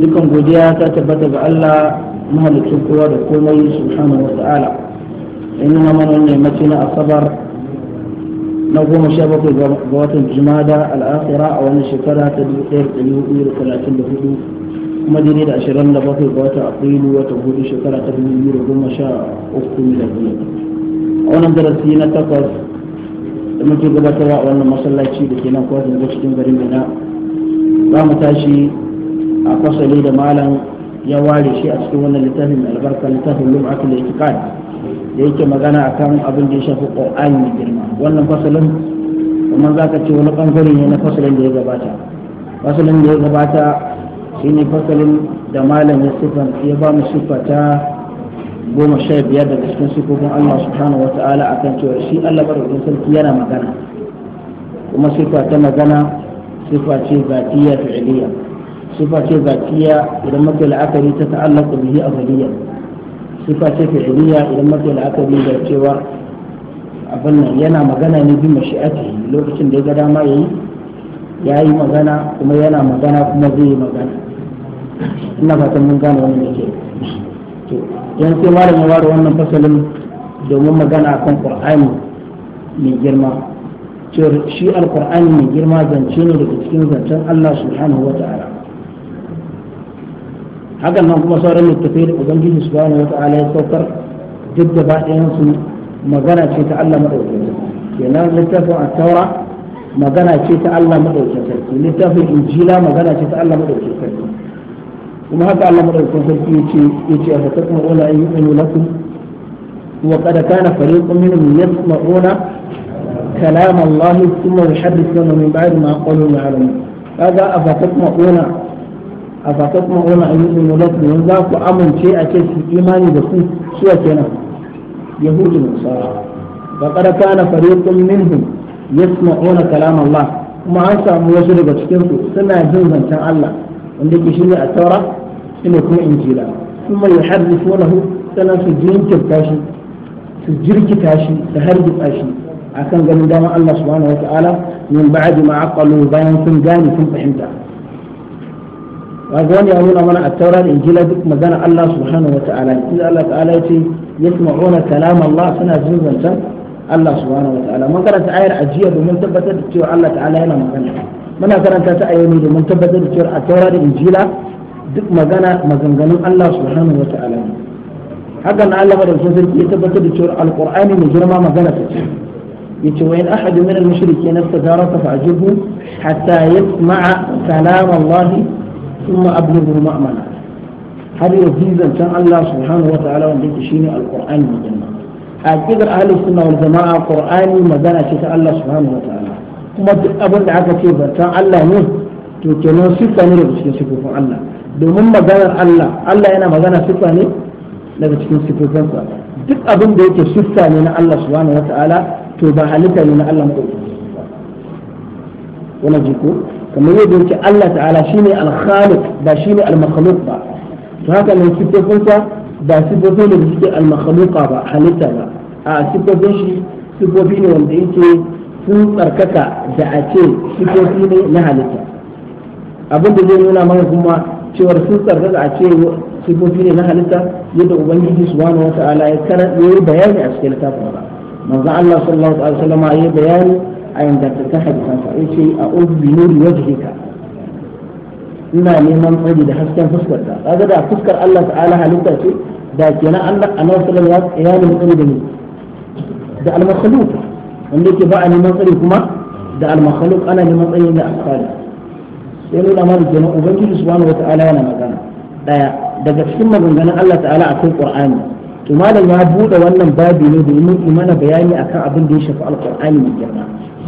dukan godiya ta tabbata ga Allah mahalicin kowa da komai subhanahu wa ta'ala in yi mana wannan yammaci na asabar na goma sha bakwai ga watan jumada al'akhira a wannan shekara ta dubu ɗaya da ɗari biyu da talatin da hudu kuma dai-dai da ashirin da bakwai ga watan afrilu wata hudu shekara ta dubu biyu da goma sha uku biyu a wannan darasi na takwas da muke gabatarwa a wannan masallaci da ke nan kwatin cikin garin mina za mu tashi a fasali da malam ya ware shi a cikin wannan littafin mai albarka littafin lum'atul itiqad da yake magana akan abin da ya shafi qur'ani mai girma wannan fasalin kamar zaka ce wani bangare ne na fasalin da ya gabata fasalin da ya gabata shine fasalin da malam ya sifan ya ba mu sifa ta goma sha biyar daga cikin sifofin Allah subhanahu wa ta'ala akan cewa shi Allah barkatun sarki yana magana kuma sifa ta magana sifa ce zatiya fi'liya sifa ce zatiya idan maka la'akari ta ta'allaka bihi azaliya sifa ce fi'liya idan maka la'akari da cewa abin nan yana magana ne bi mashi'ati lokacin da ya ga dama yayi yi magana kuma yana magana kuma zai yi magana ina fatan mun gane wannan da ke to yan sai malam ya ware wannan fasalin domin magana akan qur'ani mai girma cewar shi alqur'ani mai girma zance ne daga cikin zancen Allah subhanahu wa ta'ala hakan nan kuma sauran littattafai da ubangiji subhanahu wata'ala ya saukar duk da baɗayan su magana ce ta Allah madaukakin kenan littafin a taura magana ce ta Allah madaukakin sarki littafin injila magana ce ta Allah madaukakin sarki kuma haka Allah madaukakin sarki yace ce a fatakun wala yu'minu lakum wa qad kana fariqun minhum yasma'una كلام الله ثم يحدثون من بعد ما قالوا معلوم هذا أفتطمئون a fata kuma wani ayyukan yulatu yanzu za ku amince a ce su imani da su suwa kenan yahudu da nasara ba karaka na fariqun minhum yasma'una kalam Allah kuma an samu wasu daga cikin su suna jin zancen Allah wanda ke shirya a taura ina kuma injila kuma yuharrifunahu sanan su jinkirta shi su jirkita shi da hargitsa tashi akan ganin dama Allah subhanahu wa ta'ala min ba'di ma aqalu bayan sun gane sun fahimta kaga wani ya nuna mana a taura da injila duk magana Allah subhanahu wa ta'ala inda Allah ta'ala ya ce yasma'una kalam Allah suna jin zancen Allah subhanahu wa ta'ala mun karanta ayar ajiya domin tabbatar da cewa Allah ta'ala yana magana muna karanta ta ayoyi domin tabbatar da cewa a taura da injila duk magana maganganun Allah subhanahu wa ta'ala ne hakan Allah madaukakin sarki ya tabbatar da cewa alqur'ani mai girma magana ta ce yace wa in ahadu min al-mushrikeena istajaraka fa'jibhu hatta yasma'a kalam Allah ثم أبلغه مأمنا هل يزيزا كان الله سبحانه وتعالى وانبيك شيني القرآن مجنة أكيد أهل السنة والجماعة قرآن مجنة كتا الله سبحانه وتعالى كما أبن دعاك كيف كان الله نه تكنون صفة نرى بسكين صفة الله domin maganar Allah Allah yana magana siffa ne daga cikin siffofinsa duk abin da yake siffa ne na Allah subhanahu wataala to ba halitta ne na Allah ko wannan jiko kamar yadda yake Allah ta'ala shine al-khaliq ba shine al-makhluq ba to haka nan sifofinsa ba sifofin da suke al ba halitta ba a sifofin shi sifofi ne wanda yake sun tsarkaka da a ce sifofi ne na halitta abin da zai nuna mana kuma cewar sun tsarkaka a ce sifofi ne na halitta yadda ubangiji subhanahu wa ta'ala ya yi bayani a cikin littafin ba manzo Allah sallallahu alaihi wasallam ya bayani a ingantattun hadisan sa yace a'udhu bi nuri wajhika ina neman tsari da hasken fuskar ka kaga da fuskar Allah ta'ala halitta ce da kenan Allah annabi sallallahu alaihi wasallam ya nemi tsari da ni da al-makhluq wanda yake ba a neman tsari kuma da al-makhluq ana neman tsari da al sai nuna mana kenan ubangiji subhanahu wata'ala yana magana daya daga cikin maganganun Allah ta'ala akwai qur'ani to malam ya bude wannan babi ne domin imana bayani akan abin da ya shafi alqur'ani mai girma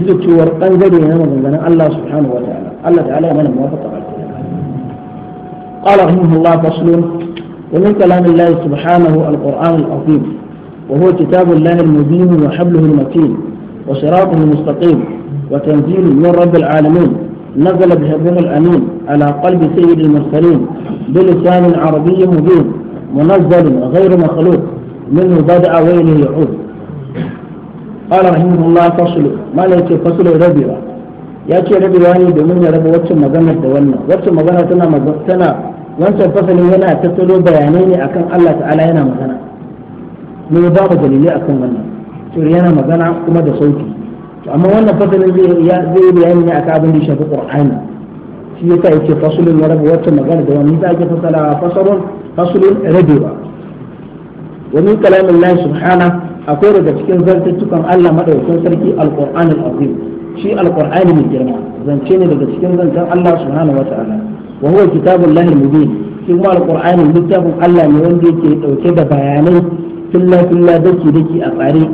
دكتور da cewar ɓangare الله سبحانه وتعالى الله تعالى من الموافق على قال رحمه الله فصل ومن كلام الله سبحانه القرآن العظيم وهو كتاب الله المبين وحبله المتين وصراطه المستقيم وتنزيل من رب العالمين نزل به الروح الأمين على قلب سيد المرسلين بلسان عربي مبين منزل غير مخلوق منه بدأ وإليه يعود qala rahimahullah fasl mala yace fasl rabiwa ya ce rabiwa ne domin ya raba waccan magana da wannan waccan magana tana wancan fasalin yana tattalo bayanai ne akan Allah ta'ala yana magana ne ya babu dalilai akan wannan yana magana kuma da sauti to amma wannan fasalin zai zai bayani ne akan abin da ya shafi qur'ani shi yasa yake fasulun ya rabu wacce maganar da wani da ake fasala fasalun fasulun rabiwa wa min kalamin Allah subhana. akwai daga cikin zartattukan Allah madaukakin sarki alqur'an al-azim shi alqur'ani mai girma zance ne daga cikin zancen Allah subhanahu wa ta'ala wa huwa kitabul lahil mubin shi kuma alqur'ani littafin Allah ne wanda yake dauke da bayanai filla filla dake dake a tsare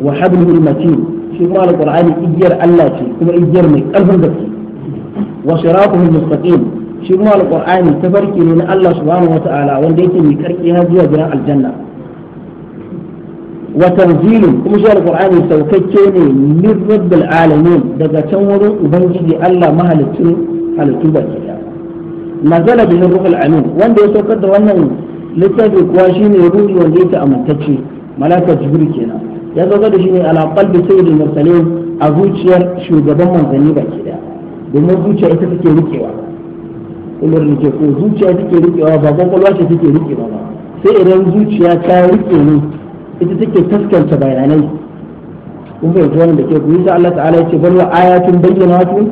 wa hablul matin shi kuma alqur'ani igiyar Allah ce kuma igiyar mai karfin gaske wa siratuhul mustaqim shi kuma alqur'ani tafarki ne na Allah subhanahu wa ta'ala wanda yake mai karki har zuwa gidan aljanna wa tanzilun kuma shi alqur'ani saukakke ne min rabbil alamin daga can wurin ubangiji Allah mahalicin halittu baki daya nazala bihi ruhul amin wanda ya saukar da wannan littafi kuwa shine ruhi wanda yake amintacce malaka jibril kenan ya saukar da shi ne ala qalbi sayyidil mursalin a zuciyar shugaban manzanni baki daya domin zuciya ita take rikewa kullum zuciya rikewa ba kwakwalwa ce rikewa ba sai idan zuciya ta rike ne ita take taskance bayanai kun fahimci wannan da ke ku yasa Allah ta'ala ya ce bal wa ayatun bayyinatun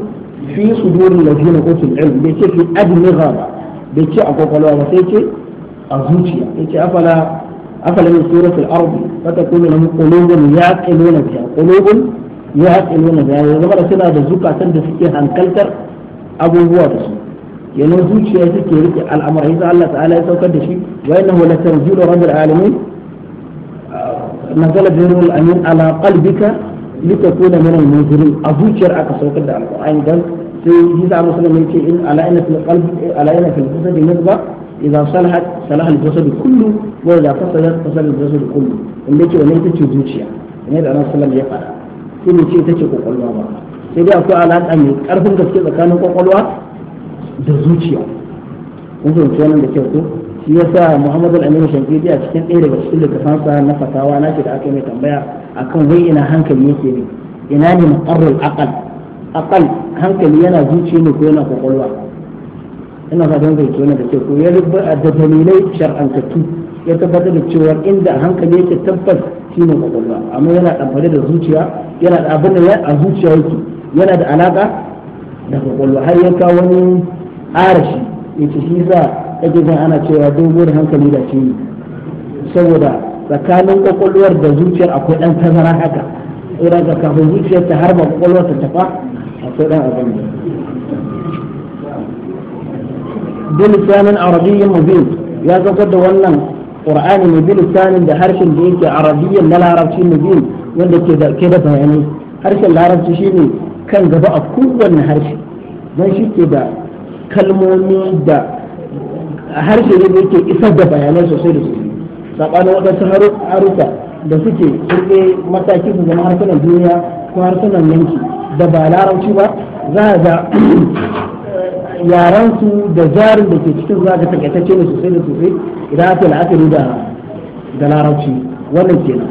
fi suduril na kotun ilm bai ce fi admigha ba bai ce a kwakwalwa ba sai ce a zuciya ya ce afala afala min suratul ardi fatakunu lahum qulubun yaqiluna biha qulubun yaqiluna biha ya zama da suna da zukatan da suke hankaltar abubuwa da su kenan zuciya take rike al'amari sai Allah ta'ala ya saukar da shi wa innahu latarjulu rabbil alamin nazala birrul amin ala qalbika litakuna min al-munzirin a zuciyar aka saukar da alqur'ani dan sai Isa musulmi yace in ala inna fil kullu wa idza fasadat fasada al-jasad ce zuciya ne da Annabi sallallahu ya fada sai ce ita ce kokolwa ba sai dai akwai alaƙa mai karfin gaske tsakanin kokolwa da zuciya da shi yasa Muhammad al-Amin Shankidi a cikin ɗaya daga cikin sa na fatawa na shi da aka mai tambaya akan wai ina hankali yake ne ina ne muqarrul aqal aqal hankali yana zuciya ne ko yana kwakwalwa ina fatan zai tona da ke ko ya rubuta da dalilai shar'antattu ya tabbatar da cewa inda hankali yake tabbas shine kwakwalwa amma yana ɗanfare da zuciya yana da abin da a zuciya yake yana da alaƙa da kwakwalwa har ya kawo wani arashi yace shi yasa kake jin ana cewa doguwar hankali da shi saboda tsakanin kwakwalwar da zuciyar akwai ɗan tazara haka idan ka kafin zuciyar ta harba kwakwalwar ta tafa akwai ɗan abin da bilisanin arabiyyin mubin ya zaukar da wannan qur'ani mai bilisanin da harshen da yake arabiyyin na larabci mubin wanda ke da bayanai harshen larabci shine kan gaba a kowanne harshe don shi ke da kalmomi da a harshe ne yake isar da bayanai sosai da su sabanin waɗansu haruka da suke kirke mataki su zama harsunan duniya ko harsunan yanki da ba larabci ba za a ga yaransu da jarin da ke cikin za ga takaitacce ne sosai da sosai idan aka la'akari da da larabci wannan kenan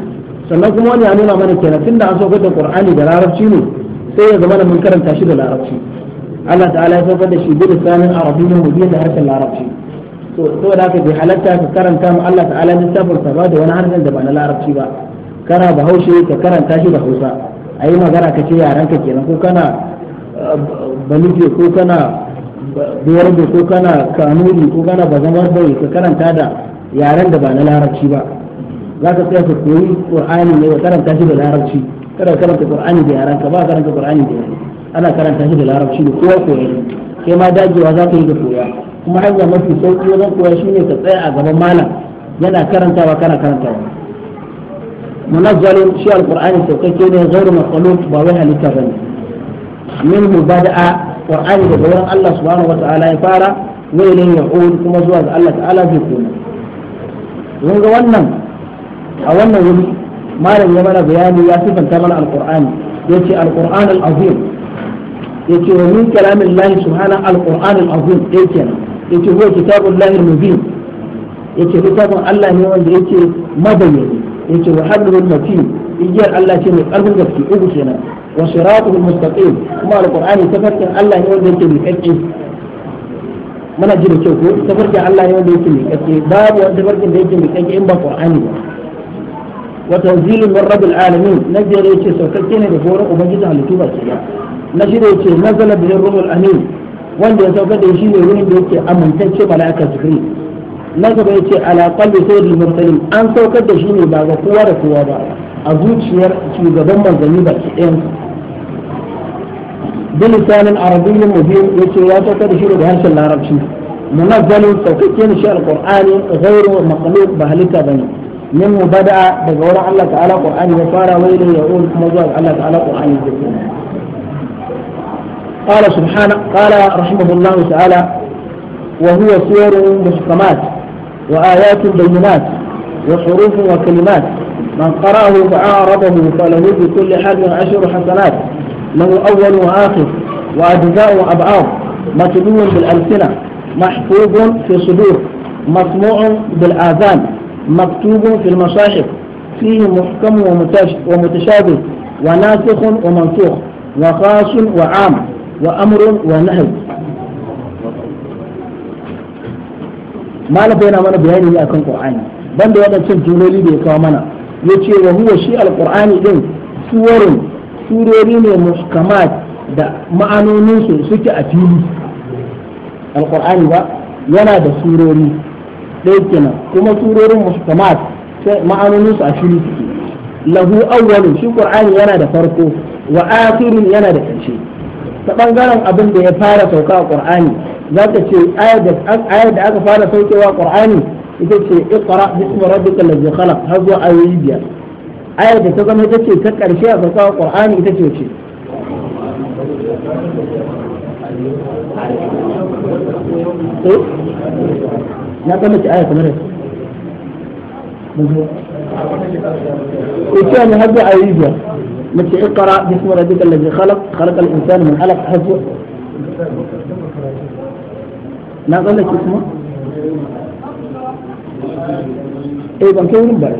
sannan kuma wani ya nuna mana kenan tunda an saukar da qur'ani da larabci ne sai ya zama mun karanta shi da larabci Allah ta'ala ya saukar da shi bi sanin arabiyyin mubin da harshen larabci to da ka bi halatta ka karanta mu Allah ta'ala littafin sa ba da wani harshen da ba na larabci ba kana bahaushe ka karanta shi da hausa a magana ka ce yaran ka kenan ko kana uh, banufe ko kana bayarbe ko kana kanuri ko kana bazamar bai ka karanta da yaren da ba na larabci ba za ka tsaya ka koyi qur'ani ne ka karanta shi da larabci kada ka karanta qur'ani da yaran ka ba karanta qur'ani da yaran ana karanta shi da larabci ne kowa koyi kai ma dajewa za ka yi da koya kuma hanya mafi sauki wajen koya shine ka tsaya a gaban malam yana karantawa kana karantawa munazzalin shi alqur'ani sauƙaƙe ne ghairu makhluq ba wai halitta ba bane minhu bada'a qur'ani daga wurin Allah subhanahu wata'ala ya fara wa ya ya'ud kuma zuwa ga Allah ta'ala zai koma mun ga wannan a wannan wuri malam ya mana bayani ya sifanta mana alqur'ani yace alqur'an al-azim yace wa min kalamin kalamillahi subhanahu alqur'an al-azim yake kenan yace huwa kitabullahi mubin yace littafin Allah ne wanda yake mabayyani yace wa hablul matin igiyar Allah ce mai karfin gaske uku kenan wa siratul mustaqim kuma alqur'ani tafarkin Allah ne wanda yake miƙaƙƙe mana ji da kyau ko tafarkin Allah ne wanda yake miƙaƙƙe babu wani tafarkin da yake miƙaƙƙe in ba qur'ani ba wa tanzilun min rabbil alamin na biyar yace saukakke ne da horon ubangiji halittu ba ke na shida yace nazala bihi ruhul amin wanda ya saukar da shi ne wurin da yake amintacce mala'ika jibril na gaba yace ala qalbi sayyidul mursalin an saukar da shi ne ba ga kowa da kowa ba a zuciyar shugaban manzanni baki ɗayan bilisanin arabiyyin mubin yace ya saukar da shi daga harshen larabci munazzalin saukakke ne shi alqur'ani ghairu makhluq ba halitta bane min mubada daga wurin Allah ta'ala qur'ani ya fara wai da ya'ul kuma zuwa Allah ta'ala qur'ani ya قال سبحانه قال رحمه الله تعالى وهو سور محكمات وآيات بينات وحروف وكلمات من قرأه فعارضه فله بكل حال عشر حسنات له أول وآخر وأجزاء وأبعاد مكتوب بالألسنة محفوظ في صدور مسموع بالآذان مكتوب في المصاحف فيه محكم ومتشابه وناسخ ومنسوخ وخاص وعام وأمر ونهي ما لبينا من بياني لا كان قرآن بند وانا تشن جملولي دي كامنا يتشي وهو شيء القرآن دين سور سورين محكمات da ma'anoninsu suke a fili alkur'ani ba yana da surori ɗaya kenan kuma surorin muhkamat ma'anoninsu a fili suke lahu awwalun shi qur'ani yana da farko wa akhirun yana da ƙarshe ta bangaren abin da ya fara sauka a qur'ani zaka ce ayar da aka fara saukewa a qur'ani ita ce iqra bismi rabbikal ladzi khalaq har zuwa ayoyi biyar ayar da ta zama ita ce ta karshe a sauka a qur'ani ita ce eh? ce na kama ce aya kamar yadda. Ita ne har zuwa ayoyi biyar. نفسي اقرأ باسم ربك الذي خلق خلق الإنسان من علق حسب لا قال لك اسمه أيضا كيف نبدا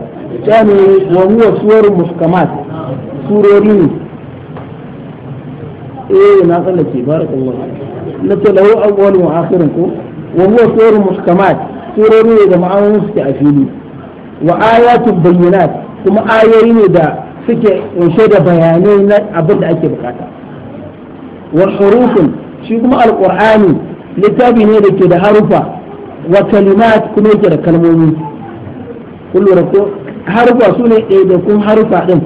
كان وهو سور محكمات سورورين إيه ما قال لك بارك الله لك له أول واخر وهو سور محكمات سورورين إذا معاهم نفسي وآيات بينات ثم آيات ده suke kunshe da bayanai na abin da ake bukata wa hurufin shi kuma alqur'ani littafi ne da ke da harufa wa kalimat kuma yake da kalmomi kullu ko harufa su ne da kun harufa din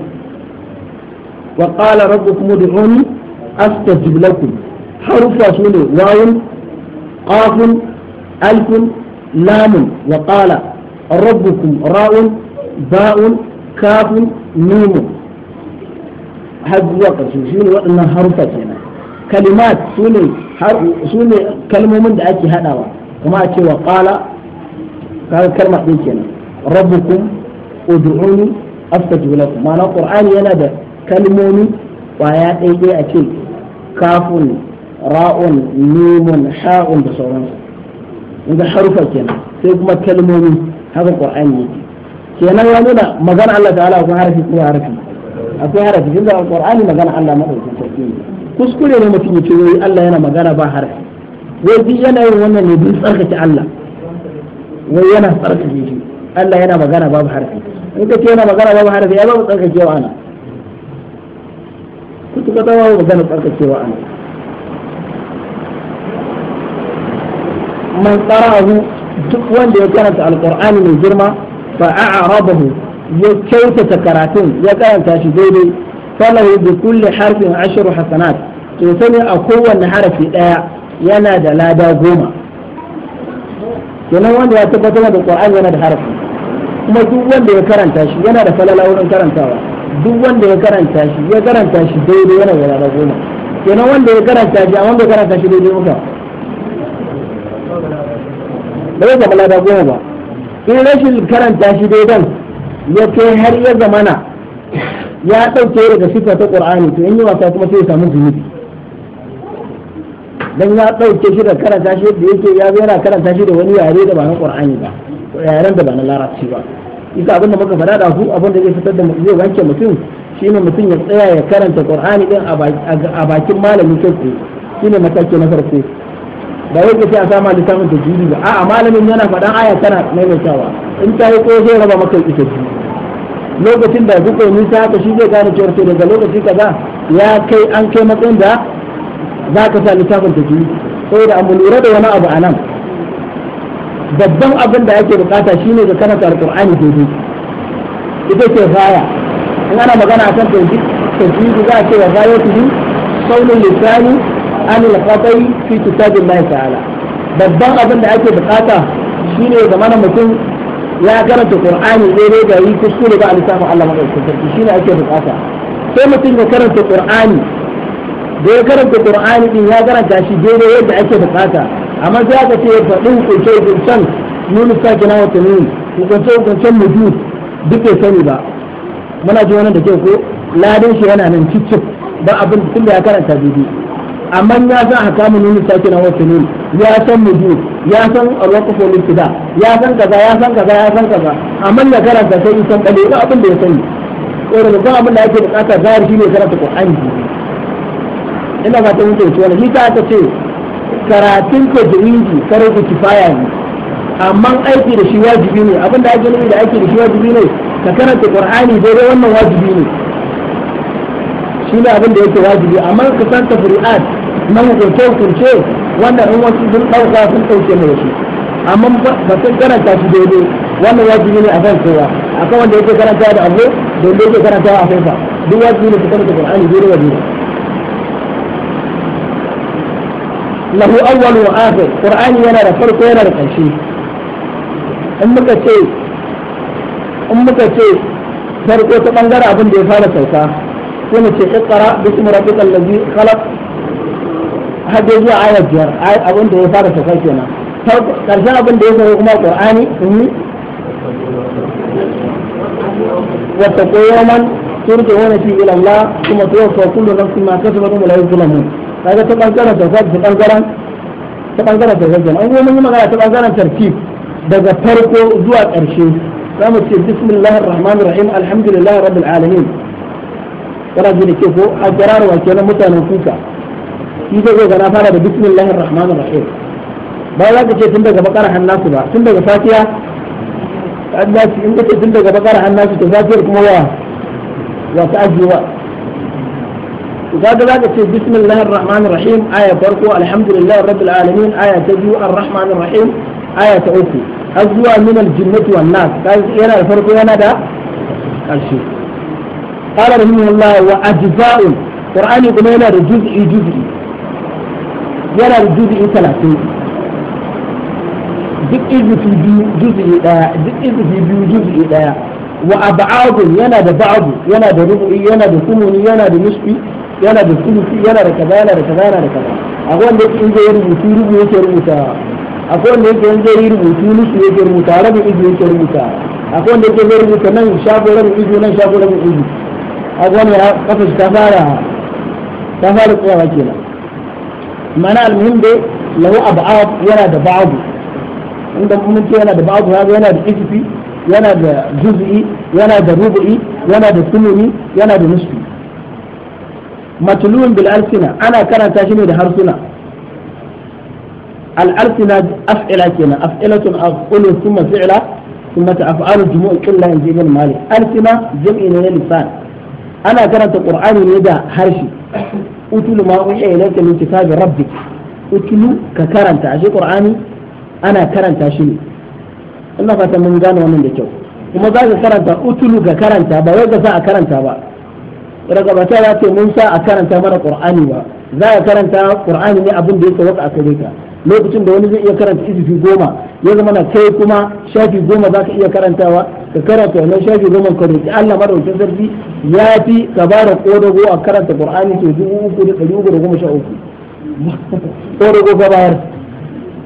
wa qala rabbukum ud'uni astajib lakum harufa su ne wawun qafun alfun lamun wa qala rabbukum ra'un ba'un kafin nunu har zuwa ƙarshe shi ne waɗannan harufa kenan kalimat su ne kalmomin da ake haɗawa kuma a cewa ƙala kaga kalmar ɗin kenan rabbukum ud'uni astajib lakum ma'ana qur'ani yana da kalmomi ƙwaya ɗaiɗai a ce kafun ra'un mimun sha’un da sauransu inda harufa kenan sai kuma kalmomi haka qur'ani yake kenan ya nuna magana Allah ta ala akwai harafi kuma harafi akwai harafi tunda alqur'ani magana Allah madaukakin sarki kuskure ne mutum ya ce wai Allah yana magana ba harafi wai duk yana yin wannan ne duk tsarkake Allah wai yana tsarkake shi Allah yana magana babu harafi in ka ce yana magana babu harafi ya babu tsarkakewa ana kuka ga wa magana tsarkakewa ana man qara'ahu duk wanda ya karanta alqur'ani mai girma فأعرضه a'rabahu ya kyautata karatun ya karanta shi daidai falahu bi kulli harfin ashru hasanat to sani a kowanne harafi daya yana da lada goma حرف wanda ya tabbatar da yana da harafi kuma duk wanda ya karanta shi yana da falala karantawa duk wanda ya karanta shi ya karanta shi daidai yana da lada goma kenan wanda ya karanta shi a wanda karanta shi daidai muka ba zai lada goma ba in rashin karanta shi daidan ya kai har ya zamana ya ɗauke daga sifa ta ƙur'ani to in yi wasa kuma sai ya samu zunubi dan ya ɗauke shi da karanta shi da yake ya zo yana karanta shi da wani yare da ba na ƙur'ani ba yaren da ba na larabci ba isa abin da muka faɗa da su abin da zai fitar da zai wanke mutum shine mutum ya tsaya ya karanta ƙur'ani din a bakin malami kai shine mataki na farko ba wai kace a sama littafin tajwidi ba a'a malamin yana faɗan aya tana maimaitawa in ta yi ko zai raba maka ita lokacin da wani ta haka shi zai gane cewa daga lokaci kaza ya kai an kai matsayin da za ka sa littafin tajwidi saboda a lura da wani abu a nan babban abin da ake bukata shine ka karanta alqur'ani daidai ita ce faya in ana magana akan tajwidi za a ce wa fayatuhu saulul lisani anil khatai fi kitabillahi ta'ala babban abin da ake bukata shine mana mutum ya karanta qur'ani daidai da yi kuskure ba a lissafin Allah madaukakin sarki shine ake bukata sai mutum ya karanta qur'ani da ya karanta qur'ani din ya karanta shi daidai yadda ake bukata amma sai aka ce ya faɗi hukunce hukuncen nuna sakina wa tanin hukunce hukuncen mujud duk bai sani ba muna ji wannan da ke ko ladin shi yana nan cicci ba abin da ya karanta bibi. amma ya san hakamun nuni sake na wasu nuni ya san mudu ya san alwaqfu lil ya san kaza ya san kaza ya san kaza amma ya karanta sai san kale ba abin da ya sani ko da ba abin da yake bukata zahir shine karanta qur'ani ina ba ta mutu ce wala ni ta aka ce karatun ka jirinji ku kifaya ne amma aiki da shi wajibi ne abin da ake nufi da aiki da shi wajibi ne ka karanta qur'ani daidai wannan wajibi ne shi ne abin da yake wajibi amma ka san tafri'at nan turce-turce wanda in wasu sun ɗauka sun ɗauke mai shi amma ba sun karanta shi daidai wannan wajibi ne a kan kowa kan wanda yake karanta da abu da wanda yake karanta a kansa duk wajibi ne su karanta Qur'ani daidai da daidai lahu awwal wa akhir Qur'ani yana da farko yana da ƙarshe in muka ce in muka ce farko ta bangare abin da ya fara sauka sai mu ce iqra bismi rabbikal ladzi khalaq har dai zuwa aya biyar abin da ya fara sauka kenan karshen abin da ya sauka kuma qur'ani sun wata koyoman turke wani fi ilallah kuma tuwafa kullu nafsin ma kasabat wa la yuzlamun kaga ta bangaren sauka ta bangaren ta bangaren sauka kenan an mun yi magana ta bangaren tartib daga farko zuwa ƙarshe za mu ce bismillahir rahmanir rahim alhamdulillahi rabbil alamin kana ji da ke ko a jarawa kenan mutanen kuka shi zai ga na fara da rahman rahmanir rahim ba za ka ce tun daga bakar hannasu ba tun daga fatiya annasu in kace tun daga bakar hannasu to fatiyar kuma wa wa ta ajiwa to za ka ce bismillahir rahmanir rahim aya farko alhamdulillahi rabbil alamin aya ta biyu arrahmanir rahim aya ta uku har zuwa min aljinnati wan nas kaga yana da farko yana da karshe qala rahimahullah wa ajza'un qur'ani kuma yana da juz'i juz'i yana da juzi'i talatin duk izufi biyu juzi'i daya duk izufi biyu juzi'i daya wa ab'adu yana da ba'adu yana da rubu'i yana da kumuni yana da nisfi yana da sulusi yana da kaza yana da kaza yana da kaza akwai wanda yake in zai rubutu rubu yake rubuta akwai wanda yake in zai rubutu nisfi yake rubuta rabin izu yake rubuta akwai wanda yake zai rubuta nan shago rabin izu nan shago rabin izu akwai wanda ya kafa ta fara ta fara tsayawa kenan mana almuhim dai lahu ab'ab yana da ba'abu inda mun ce yana da ba'abu yana da isfi yana da juz'i yana da rubu'i yana da sununi yana da nisfi matluun bil alsina ana karanta shi ne da harsuna al alsina af'ila kenan af'ilatun af'ulun thumma fi'la ثم تفعل جموع كلها mali جيب المالك ألسنة جمع ana أنا qur'ani ne da harshe. utulu ma uhiya ilayka min kitabi rabbik utulu ka karanta ashe qur'ani ana karanta shi ne ina fata mun gane wannan da kyau kuma za ka karanta utulu ka karanta ba wai ka sa a karanta ba ragabata za ta mun sa a karanta mana qur'ani ba za ka karanta qur'ani ne abin da yake waka a kare ka lokacin da wani zai iya karanta izifi goma ya zama na kai kuma shafi goma za ka iya karantawa ka karanta wannan shafi goma ka roƙi Allah madaukakin sarki ya fi ka ba da ƙodago a karanta Qur'ani to dubu uku da ɗari uku da goma sha uku ƙodago ka bayar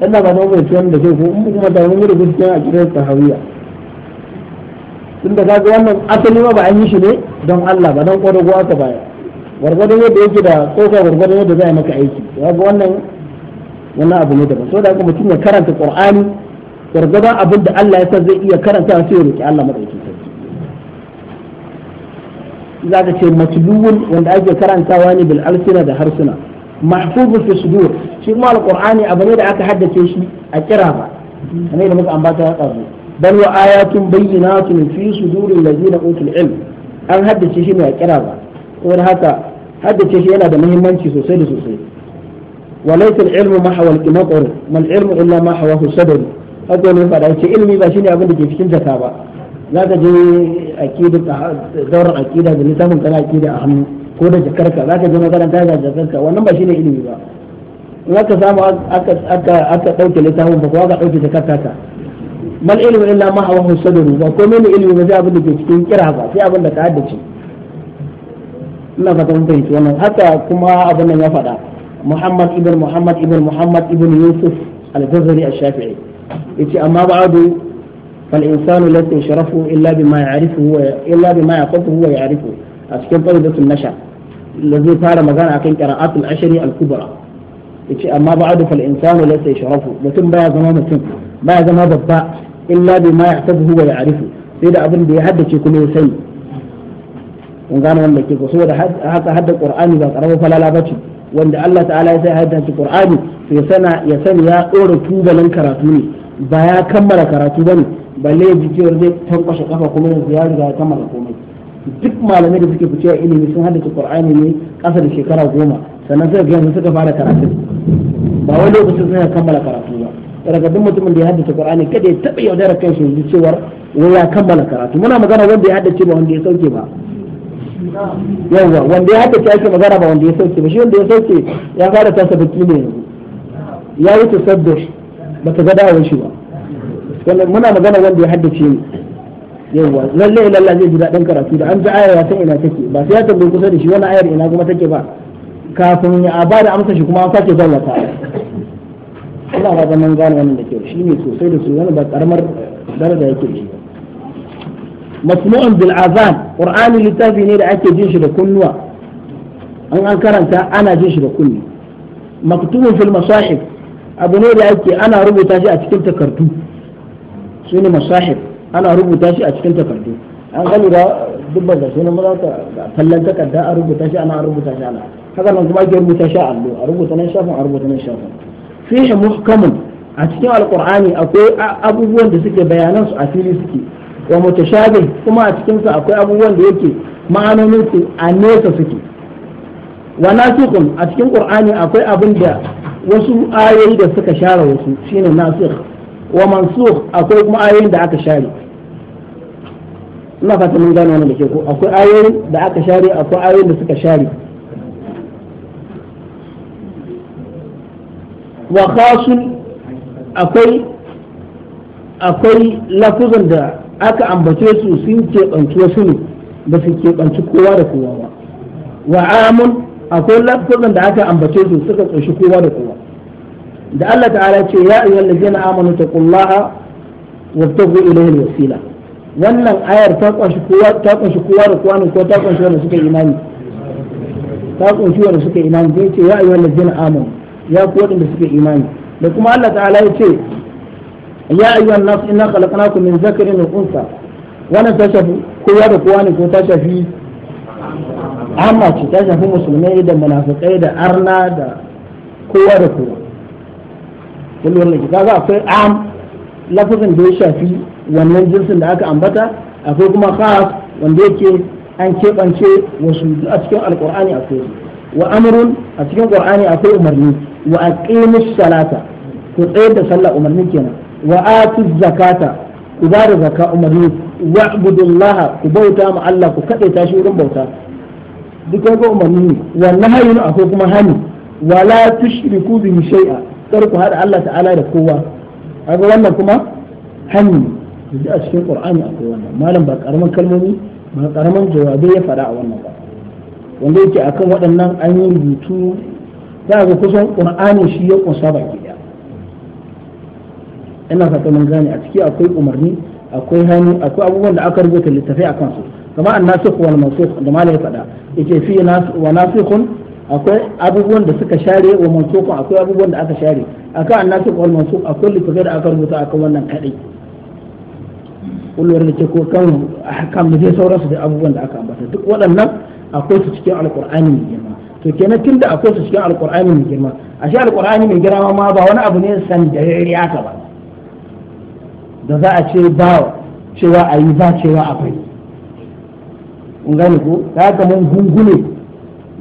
ina ba na mai tuwan da ke ko in kuma da mun rubuta cikin akidar sahawiya tun da kaga wannan asali ma ba an yi shi ne don Allah ba don ƙodago aka bayar gwargwadon yadda yake da tsoka gwargwadon yadda za a maka aiki ga wannan wannan abu ne daban so da haka mutum ya karanta qur'ani gargaba abin da Allah ya san zai iya karanta sai ya roki Allah madauki za ka ce matluwun wanda ake karantawa ne bil alsina da harsuna mahfuzun fi sudur shi kuma alqur'ani abu ne da aka haddace shi a kira ba kamar da muka ambata ya kazo bal wa ayatun bayyinatun fi suduril ladina utul ilm an haddace shi ne a kira ba haka haddace shi yana da muhimmanci sosai da sosai وليس العلم ما حوى القمطر ما العلم إلا ما حواه الصدر haka ne fada ce ilimi ba shine abin da ke cikin jaka ba za ka je akida dauran akida da littafin kana akida a hannu ko da jakarka za ka je makaranta da jakarka wannan ba shine ilimi ba za ka samu aka ɗauke littafin ba ko ka ɗauke jakarka ka mal ilmu illa ma hawa sadru ba ko mene ilimi ba sai abin da ke cikin kira ba sai abin da ka haddace ina fata mun fahimci wannan haka kuma abin nan ya faɗa Muhammad ibn Muhammad ibn Muhammad ibn Yusuf al-Jazari al-Shafi'i yace amma ba'adu fal insanu laysa yashrafu illa bima ya'rifu wa illa bima yaqafu wa ya'rifu a cikin faridatul nasha da zai fara magana akan qira'atul ashri al-kubra yace amma ba'adu fal insanu laysa sharafu mutum baya zama mutum baya zama babba illa bima ya'tabu wa ya'rifu sai da abin da ya haddace kuma ya sani kun gane wanda ke ko saboda haka hadda qur'ani ba karamar falala bace wanda Allah ta'ala ya sai haddace Qur'ani to ya sana ya sani ya ɗora tubalin karatu ne ba ya kammala karatu bane balle ya ji cewa zai tankwashe kafa kuma ya riga ya kammala komai duk malamai da suke fice ilimi sun haddace Qur'ani ne ƙasa da shekara goma sannan suka ga suka fara karatu ba wani lokacin ya kammala karatu ba daga duk mutumin da ya haddace Qur'ani kada ya taba yaudara kanshi ya ji cewa wai ya kammala karatu muna magana wanda ya haddace ba wanda ya sauke ba yawa wanda ya haddace ake magana ba wanda ya sauke ba shi wanda ya sauke ya fara tasa baki ne yanzu ya wuce sabda ta ga wani shi ba muna magana wanda ya haddace ne yawa lallai lallai zai ji daɗin karatu da an ji ayar ya san ina take ba sai ya tambayi kusa da shi wani ayar ina kuma take ba kafin ya ba da amsa shi kuma an sake zan wata ina ba zaman gane wannan da kyau ne sosai da su wani ba karamar daraja yake shi ba masmu'un bil azan qur'ani littafi ne da ake jin shi da kunnuwa an an karanta ana jin shi da kunni maktubun fil masahif abu ne da ake ana rubuta shi a cikin takardu su ne masahif ana rubuta shi a cikin takardu an gani da dubban da sunan maza ka kallon takarda a rubuta shi ana rubuta shi ana haka nan kuma ake rubuta shi a allo a rubuta nan shafin a rubuta nan shafin fihi muhkamun a cikin alqur'ani akwai abubuwan da suke bayanan su a fili suke wa mutashabih kuma a cikin akwai abubuwan da yake ma'anonin su a nesa suke wa nasikhun a cikin qur'ani akwai abin da wasu ayoyi da suka share wasu shine nasikh wa mansukh akwai kuma ayoyin da aka share ina fata mun gane wannan da ke ko akwai ayoyin da aka share akwai ayoyin da suka share wa khasun akwai akwai lafuzan da aka ambace su sun keɓanci wasu ne ba su keɓanci kowa da kowa ba wa amun akwai lafazan da aka ambace su suka ƙunshi kowa da kowa da Allah ta'ala ce ya ayyuhal ladzina amanu taqullaha wabtagu ilayhi wasila wannan ayar ta ƙunshi kowa ta ƙunshi kowa da kowa ne ko ta ƙunshi wanda suka imani ta ƙunshi wanda suka imani zai ce ya ayyuhal ladzina amanu ya ku da suka imani da kuma Allah ta'ala ya ce ya ayyuha an-nas inna khalaqnakum min dhakarin wannan ta shafi kowa da kowa ne ko ta shafi amma ce ta shafi musulmai da munafikai da arna da kowa da kowa kullum ne kaga akwai am lafazin da ya shafi wannan jinsin da aka ambata akwai kuma khas wanda yake an keɓance wasu a cikin alkur'ani akwai su wa a cikin qur'ani akwai umarni wa aqimus salata ku tsayar da sallah umarni kenan wa atu zakata ku ba da zaka umarni wa abudullah ku bauta ma Allah ku kadaita shi wurin bauta duk ga umarni wa wa nahyun akwai kuma hani wa la tushriku bi shay'a kar ku hada Allah ta'ala da kowa kaga wannan kuma hani ne a cikin Qur'ani akwai wannan malam ba karaman kalmomi ba karaman jawabai ya faɗa a wannan ba wanda yake akan waɗannan an yi rubutu za ga kusan qur'ani shi ya ƙunsa baki ina fata mun gane a ciki akwai umarni akwai hannu akwai abubuwan da aka rubuta littafai akan su kamar annasikh kuwa mansukh da malai faɗa yace fi nas wa kun akwai abubuwan da suka share wa mansukhun akwai abubuwan da aka share akan annasikh wal mansukh akwai littafai da aka rubuta akan wannan kadai kullum da ke ko kan ahkam da dai sauransu da abubuwan da aka ambata duk waɗannan akwai su cikin alqur'ani mai girma to kenan tunda akwai su cikin alqur'ani mai girma a shi alqur'ani mai girma ma ba wani abu ne san da ya ba da za a ce ba cewa a yi ba cewa akwai kun gane ko ta haka mun gungune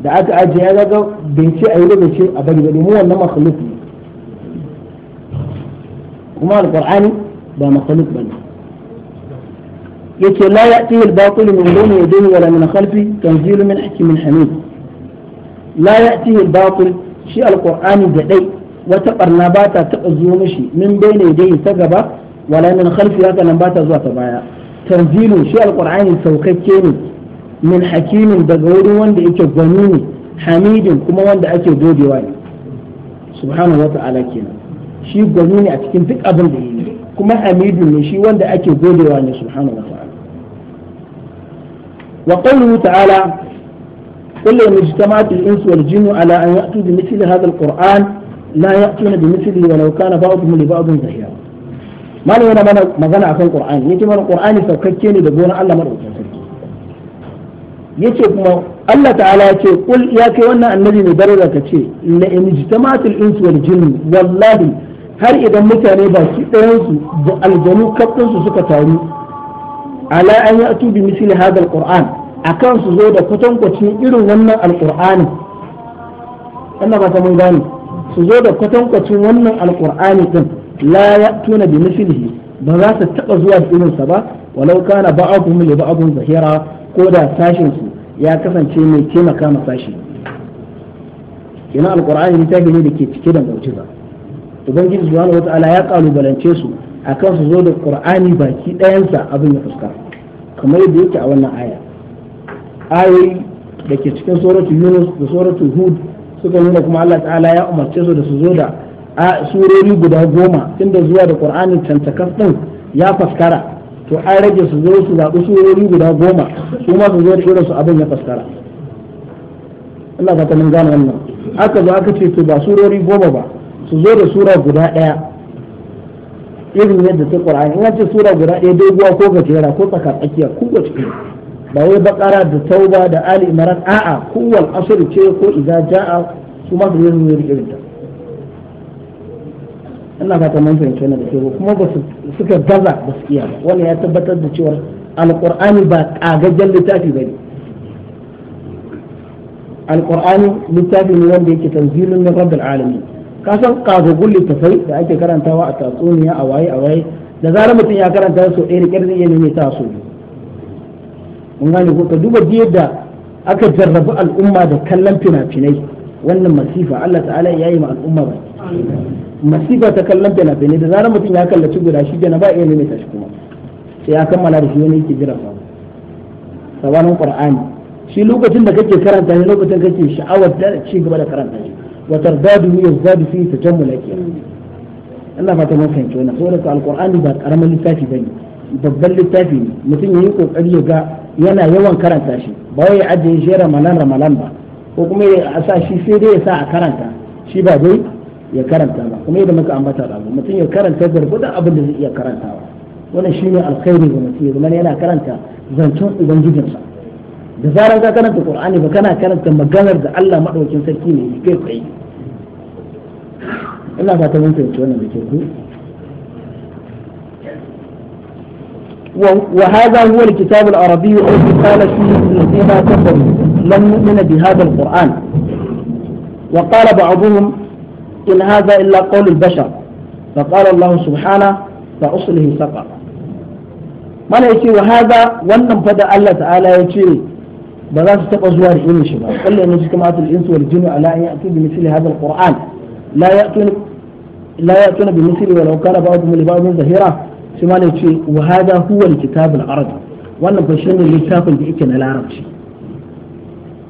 da aka ajiye ya zaga bai ce a yi da ce a bari ba domin wannan makhluk ne kuma alqur'ani ba makhluk bane yake la ya'tihi al-batil min bayni yadayhi wala min khalfi tanzilu min hakimin hamid la ya'tihi al-batil shi alqur'ani da dai wata barna ba ta taba zuwa mishi min bayni yadayhi ta gaba wala min khalfi haka nan ba zuwa ta baya tanzilu shi alqur'ani saukakke ne min hakimin daga wurin wanda yake gwani ne hamidin kuma wanda ake godewa ne subhanahu wata'ala kenan shi gwani ne a cikin duk abin da yi kuma hamidun ne shi wanda ake godewa ne subhanahu wata'ala wa qawluhu ta'ala قل لو اجتمعت الانس والجن على ان ياتوا بمثل هذا القران لا ياتون بمثله ولو كان بعضهم لبعض ظهيرا malam yana mana magana akan qur'ani yace mana qur'ani saukakke ne da gona Allah madaukakin sarki yace kuma Allah ta'ala ya ce kul ya kai wannan annabi mai daraja ka ce la in jitamatul insu wal jinn wallahi har idan mutane baki ɗayan su da aljanu kafin su suka taru ala an ya'tu bi misli hadha alquran akan su zo da kwatankwacin irin wannan alqur'ani wannan ba ta mun gane su zo da kwatankwacin wannan alqur'ani din la ya'tuna bi mislihi ba za su taɓa zuwa da irin sa ba walau kana ba'dhum li abun zahira ko da sashin su ya kasance mai taimaka ma sashi kenan alqur'ani littafi ne da ke cike da mu'jiza ubangiji subhanahu wata'ala ya kalubalance su akan su zo da qur'ani baki ɗayansa abin ya fuska kamar yadda yake a wannan aya ayoyi da ke cikin soratu unus da suratul hud suka nuna kuma Allah ta'ala ya umarce su da su zo da a surori guda goma inda zuwa da qur'anin tantakas ɗin ya faskara to an rage su zo su zaɓi surori guda goma su ma su zo da irin su abin ya faskara ba ka nan gane wannan aka zo aka ce to ba surori goma ba su zo da sura guda ɗaya irin yadda ta qur'ani in ce sura guda ɗaya doguwa ko gajera ko tsakar tsakiya ko wace ba wai bakara da tauba da ali imran a'a kowal asr ce ko idza jaa su ma su zo da irin ta ina fata mun fahimci wannan da ke kuma ba su suka gaza ba su iya wannan ya tabbatar da cewa alqur'ani ba kagaggen littafi ne alqur'ani littafi ne wanda yake tanzilun min rabbil alami ka san kagaggun littafai da ake karantawa a tatsuniya a waye a waye da zarar mutum ya karanta su ɗaya da ƙyar zai iya nemi ta so mun gane ko ka duba yadda aka jarrabi al'umma da kallon fina-finai wannan masifa Allah ta'ala ya yi ma al'umma ba masifa ta kallon fina-finai da zarar mutum ya kallaci guda shi na ba iya maimaita shi kuma sai ya kammala da shi wani yake jira sa sabanin qur'ani shi lokacin da kake karanta ne lokacin kake sha'awar da ci gaba da karanta shi wa tardadu yazdadu fi tajammula kenan Allah fata mun fahimci wannan saboda alqur'ani ba karamin littafi bane babban littafi ne mutum yi kokari ya ga yana yawan karanta shi ba wai ajiye shi ramalan ramalan ba ko kuma ya sa shi sai dai ya sa a karanta shi ba dai ya karanta ba kuma yadda muka ambata da abu mutum ya karanta gwargwadon abin da zai iya karantawa wannan shi ne alkhairi ga mutum ya zama yana karanta zancen ubangijinsa da zarar ka karanta qur'ani ba kana karanta maganar da Allah madaukakin sarki ne kai kai ina fata mun fahimci wannan da ke ku وهذا هو الكتاب العربي الذي قال فيه الذين كفروا لن نؤمن بهذا القرآن وقال بعضهم إن هذا إلا قول البشر فقال الله سبحانه فأصله سقط ما نأتي وهذا ونم فدى الله تعالى يتشيري بذات تقزوار إني شبه قل أن جسمات الإنس والجن لا يأتي بمثل هذا القرآن لا يأتون لا يأتون بمثل ولو كان بعضهم لبعض ظهيرا ثم نأتي وهذا هو الكتاب العربي ونم فشن الكتاب بإكنا العربي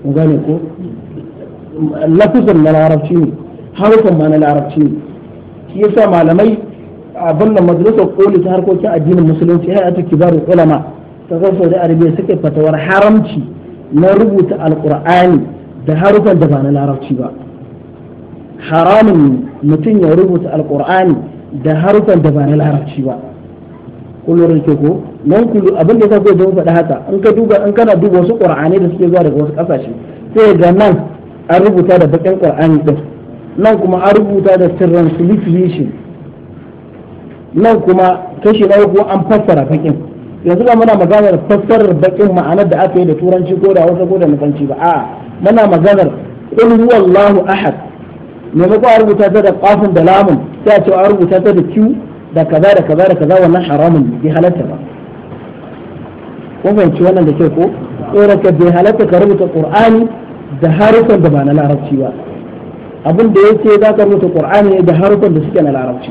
وقال يقول لا تزل شيء harkar ma na larabci ne shi yasa malamai a bannan majalisar koli ta harkokin addinin musulunci ya tafi kibar ulama ta kasar saudi arabia suke fatawar haramci na rubuta alkur'ani da harukan da ba na larabci ba haramun mutum ya rubuta alkur'ani da harukan da ba na larabci ba kullum ke ko nan kullum abin da ya kawo da faɗi haka in ka duba in kana duba wasu ƙur'ani da suke zuwa daga wasu ƙasashe sai ga nan an rubuta da bakin ƙur'ani ɗin. nan kuma an rubuta da sirran translation nan kuma kashi na uku an fassara bakin yanzu ba muna maganar fassarar bakin ma'anar da aka yi da turanci ko da wata ko da nufanci ba a'a muna maganar qul huwallahu ahad maimako a rubuta ta da kafin da lamun sai a ce a rubuta ta da q da kaza da kaza da kaza wannan haramun bai halatta ba kun fahimci wannan da ke ko tsoraka bai halatta ka rubuta qur'ani da harufan da ba na larabci ba abin da yake za ka rubuta qur'ani da harkar da suke na larabci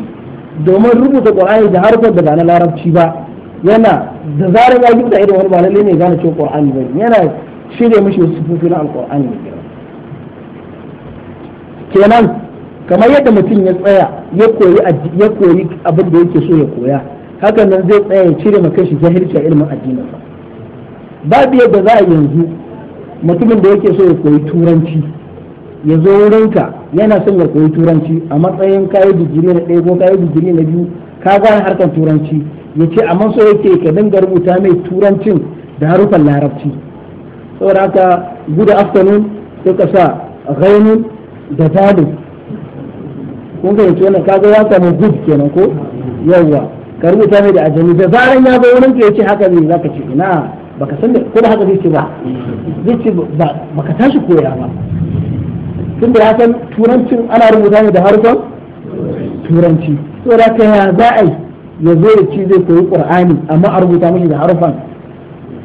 domin rubuta qur'ani da harkar da ba na larabci ba yana da zarar ya gifta irin wani ba ne gane cewa qur'ani ba yana shirya mishi wasu sufufi na alqur'ani kenan kamar yadda mutum ya tsaya ya koyi ya koyi abin da yake so ya koya hakan nan zai tsaya ya cire maka shi jahilci a ilimin addinin sa babu yadda za a yanzu mutumin da yake so ya koyi turanci ya zo wurinka yana son ya koyi turanci a matsayin kayi digiri na ɗaya ko kayi digiri na biyu ka gane harkar turanci ya ce amma so yake ka dinga rubuta mai turancin da harufan larabci saboda haka gudu afternoon sai ka sa ghainun da dalu kun ga yace wannan kaga ya samu gud kenan ko yawa ka rubuta mai da ajami da zaran ya zo wurin ya ce haka zai zaka ce ina baka san ko da haka zai ce ba zai ce baka tashi koya ba tun da ya san turancin ana rubuta ne da harkar turanci to da ka ya za a yi ya zo ci zai koyi qur'ani amma a rubuta mashi da harfan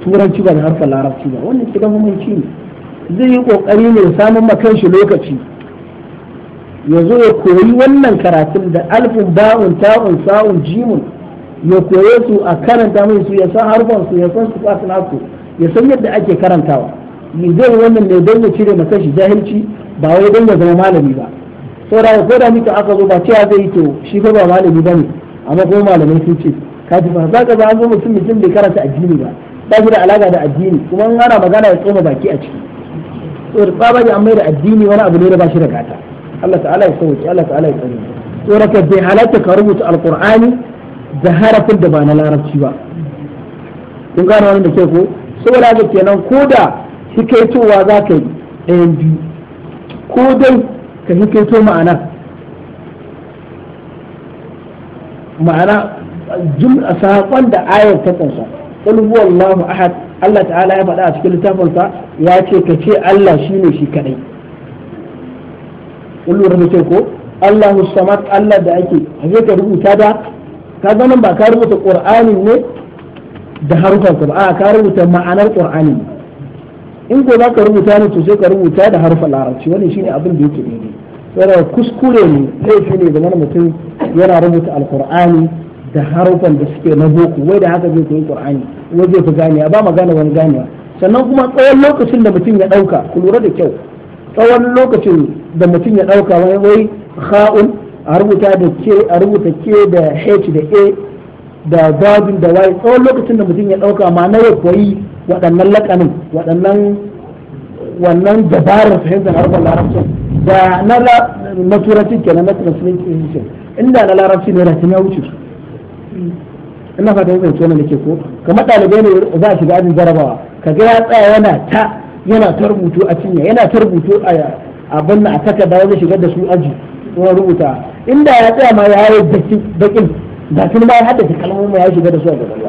turanci ba da harfan larabci ba wannan kidan mamanci ne zai yi kokari ne samun samu makanshi lokaci ya zo ya koyi wannan karatun da alfin ba'un ta'un sa'un jimun ya koye su a karanta mai su ya san harfan su ya san su ya san yadda ake karantawa yi zai wannan ne don ya cire masa shi jahilci ba wai don ya zama malami ba saboda ko da muke aka zo ba cewa zai yi to shi fa ba malami ba ne amma kuma malamai sun ce ka ji ba za ka ba an zo mutum mutum bai karanta addini ba ba shi da alaka da addini kuma in ana magana ya tsoma baki a ciki ba tsabaji an mai da addini wani abu ne da ba shi da gata Allah ta'ala ya sauke Allah ta'ala ya tsare ka bai halatta ka rubuta alqur'ani da harafin da ba na larabci ba kun gane wannan da ke ko saboda haka kenan ko da hikaitowa za ka yi ɗayan biyu ko dai ka hikaito ma'ana ma'ana jumla saƙon da ayar ta ƙunsa qul huwallahu ahad Allah ta'ala ya faɗa a cikin littafinsa ya ce ka ce Allah shine shi kaɗai kun da da ko allah samad Allah da ake haje ka rubuta da ka zanen ba ka rubuta qur'ani ne da harufan ba a ka rubuta ma'anar qur'ani ne in ko za ka rubuta ne to sai ka rubuta da harfa larabci wannan shine abin da yake daidai yana kuskure ne laifi ne da wani mutum yana rubuta alkur'ani da harufan da suke na boko wai da haka zai koyi qur'ani wai zai fi ganewa ba magana wani ganewa sannan kuma tsawon lokacin da mutum ya dauka ku lura da kyau tsawon lokacin da mutum ya dauka wai wai kha'un a rubuta da ke a rubuta ke da h da a da babin da y tsawon lokacin da mutum ya dauka ma na ya koyi waɗannan laƙanin waɗannan wannan dabarar fahimtar harkar larabcin da na na turanci kenan na translation inda na larabci ne da ya wuce ina fata yanzu ce ne ke ko kamar ɗalibai ne za a shiga ajin jarabawa kaga ya tsaya yana ta yana ta rubutu a cinya yana ta rubutu a abin na a taka da wani shigar da su aji wani rubuta inda ya tsaya ma ya yi bakin bakin da kuma ya haddace kalmomin ya shiga da su a gaba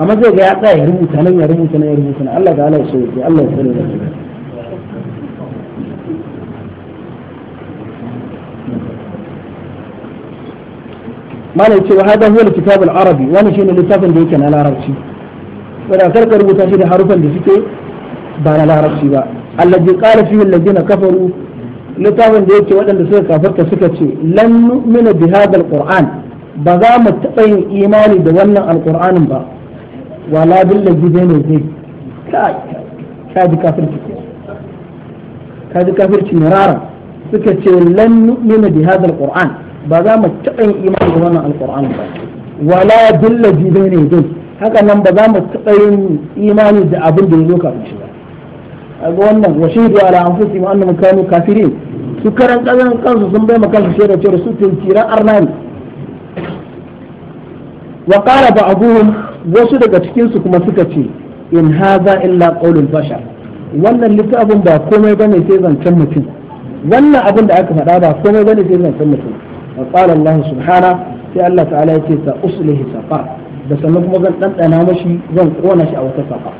amma zai ga ya tsaya ya rubuta nan ya rubuta nan ya rubuta nan Allah ga Allah ya so ya Allah ya sani da malai cewa hada huwa littafin arabi wani shine littafin da yake na larabci saboda karka rubuta shi da harufan da suke ba na larabci ba allazi qala fihi allazina kafaru littafin da yake waɗanda suka kafarta suka ce lan nu'mina bi hadha alquran ba za mu taɓa yin imani da wannan alqur'anin ba wala billahi bai ne zai kai ka ji kafirci ka ji kafirci rara suka ce lan nu'mina bi hadha alquran ba za mu taɓa yin imani da wannan alquran ba wala billahi bai ne zai haka nan ba za mu taɓa yin imani da abin da ya zo kafin ba a wannan wa shaidu ala anfusihim annahum kanu kafirin su karan kazan kansu sun bai makan su shaida cewa su tinkiran arnani wa qala ba'dhum wasu daga cikinsu kuma suka ce in haza illa qaulul bashar wannan littafin ba komai bane sai zancen mutum wannan abin da aka faɗa ba komai bane sai zancen mutum wa qala Allah subhana sai Allah ta'ala yake sa uslihi safa da sannan kuma zan dandana mashi zan kona shi a wata safa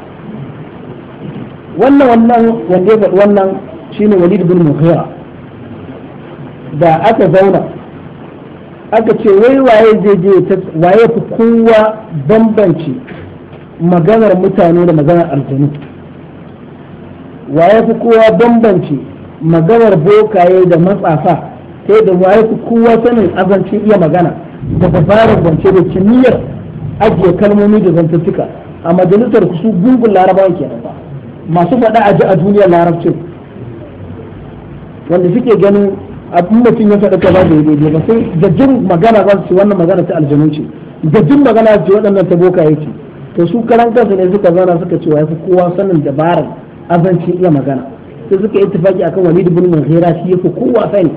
wannan wannan wanda ya wannan shine Walid bin Mughira da aka zauna aka ce wai waye zai je waye fi kowa bambance maganar mutane da maganar aljanu waye fi kowa bambance maganar bokaye da matsafa ta da waye fi kowa sanin azancin iya magana da dabarar zance da kimiyyar ajiye kalmomi da zantattuka a majalisar su gungun Laraba kenan ba masu faɗa aji a duniyar larabcin wanda suke ganin abin mutum ya faɗa ta ba da daidai ba sai jajjin magana ba su wannan magana ta aljanu ce da jin magana ce waɗannan ta boka yake to su karan kansu ne suka zana suka ce wa kowa sanin dabarar azancin iya magana sai suka yi tafaki akan walid ibn mughira shi yake kowa sani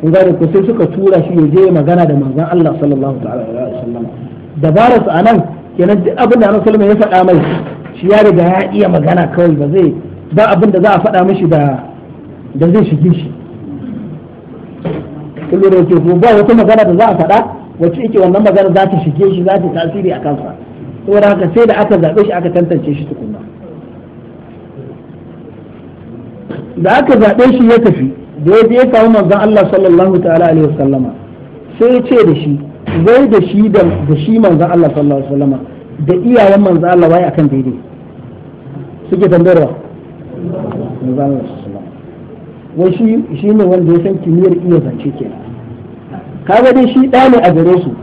kun gane ko sai suka tura shi ya je magana da manzon Allah sallallahu alaihi wasallam dabarar su anan kenan duk abin da Annabi sallallahu alaihi wasallam ya faɗa mai shi ya riga ya iya magana kawai ba zai ba abin da za a faɗa mishi da da zai shige shi kullu da ke ba wata magana da za a faɗa wacce yake wannan magana za ta shige shi za ta tasiri a kansa saboda haka sai da aka zaɓe shi aka tantance shi tukunna da aka zaɓe shi ya tafi da ya je ya samu manzon Allah sallallahu ta'ala alaihi wasallama sai ya ce da shi zai da shi da shi manzon Allah sallallahu alaihi wasallama da iyayen manzon Allah wai akan daidai suke tambayarwa manzon Allah sallallahu alaihi wasallama wai shi ne wanda ya san kimiyyar iya zance kenan kaga dai shi ɗaya ne a gare su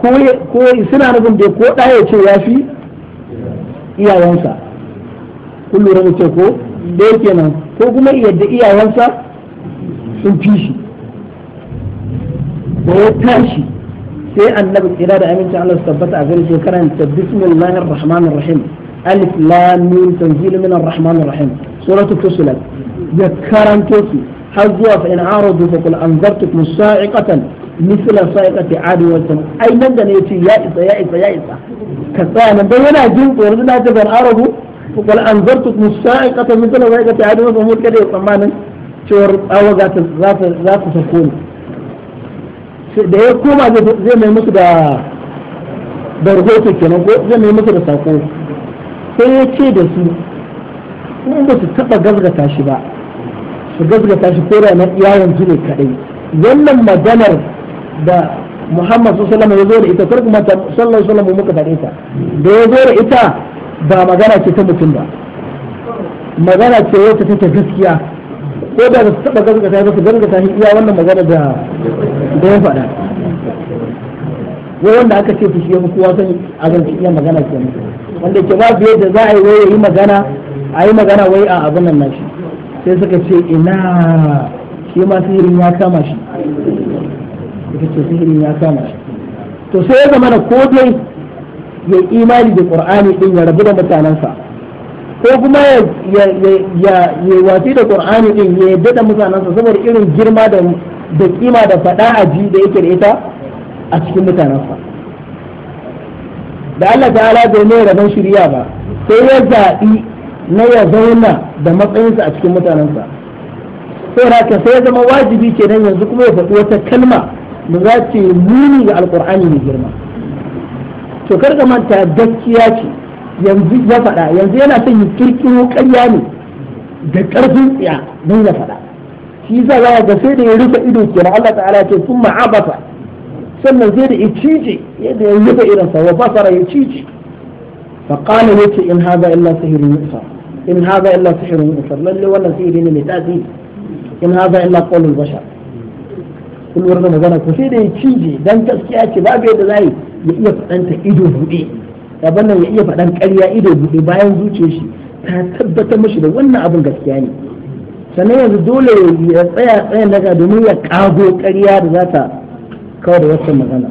ko suna nufin da ko ɗaya ce ya fi iyayensa kun lura da ce ko ko kuma yadda iyayensa sun fi shi da ya tashi sai annabi tsira da aminci Allah su tabbata a gare shi karanta bismillahir rahmanir rahim alif lam mim tanzilu minar rahmanir rahim suratul fusilat ya karanto su har zuwa fa in aradu fa kul anzartukum sa'iqatan misla sa'iqati adi wa sam ai nan da ne yace ya isa ya isa ya isa ka tsaya nan dan yana jin tsoron da ta ban aradu fa kul anzartukum sa'iqatan misla sa'iqati adi wa sam kada ya tsammanin cewar awaga ta za ta za ta sako ni da ya koma zai mai musu da da rahoto kenan ko zai mai musu da sako sai ya ce da su in ba su taba gazgata shi ba su gaskata shi ko na yawon ne kadai wannan maganar da Muhammad sallallahu alaihi wasallam ya zo da ita kar kuma sallallahu alaihi wasallam muka faɗe ta da ya zo da ita ba magana ce ta mutum ba magana ce wata ta ta gaskiya ko da ba su taɓa gaskata ba su gaskata shi iya wannan magana da da ya faɗa wai wanda aka ce fushi ya fi kowa sani a zance iya magana ke wanda ke ba fiye da za a yi wai yi magana a yi magana wai a abin nan nashi sai suka ce ina shi ma sihirin ya kama shi suka ce sihirin ya kama shi to sai ya zama da ko dai ya imani da qur'ani din ya rabu da mutanensa ko kuma ya ya wasi da qur'ani din ya yadda da mutanensa saboda irin girma da da kima da fada aji da yake da ita a cikin mutanensa da Allah ta'ala bai mai rabon shirya ba sai ya zaɓi na ya zauna da matsayinsa a cikin mutanensa sai haka sai ya zama wajibi kenan yanzu kuma ya faɗi wata kalma da za ta yi muni ga alkur'ani mai girma to karka manta gaskiya ce yanzu ya faɗa yanzu yana son yi kirkiro ƙarya ne da ƙarfin tsiya don ya faɗa shi yasa za ga sai da ya rufe ido kenan Allah ta'ala ce sun ma'abata sannan sai da ya cije yadda ya rufe irinsa wa basara ya cije in haza إن هذا إلا سهر يؤثر in haza illa sihrun musar lalle wannan sihiri ne mai tasiri in haza illa qawlul bashar kun da magana ku sai da ya cije dan gaskiya ce babu yadda zai ya iya fadanta ido buɗe daban nan ya iya faɗan karya ido buɗe bayan zuciyar shi ta tabbatar mashi da wannan abin gaskiya ne sannan yanzu dole ya tsaya tsayin daga domin ya kago karya da za ta kawar da wasu magana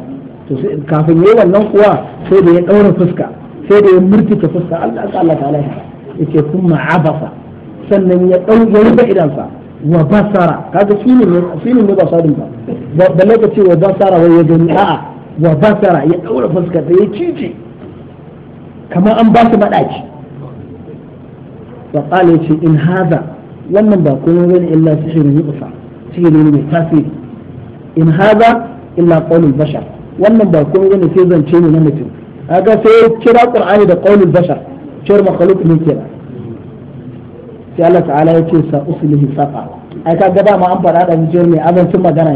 to kafin yayi wannan kuwa sai da ya ɗaura fuska sai da ya murtuka fuska Allah ta'ala yace kuma abasa sannan ya dau ya rufe idansa wa basara kaga shine ne shine ne ba sadin ba balle ka ce wa basara wai ya gani a'a wa basara ya daura fuskar da ya cije kamar an ba su madaki wa qala yace in hadha wannan ba komai bane illa sihirin yuqsa sihiri ne mai tasiri in hadha illa qawlul bashar wannan ba komai bane sai zance ne na mutum kaga sai kira qur'ani da qawlul bashar cewar makhluk ne kenan sai Allah ta'ala ya ce sa usulihi saqa ai ka ga dama an fara da cewar mai azancin magana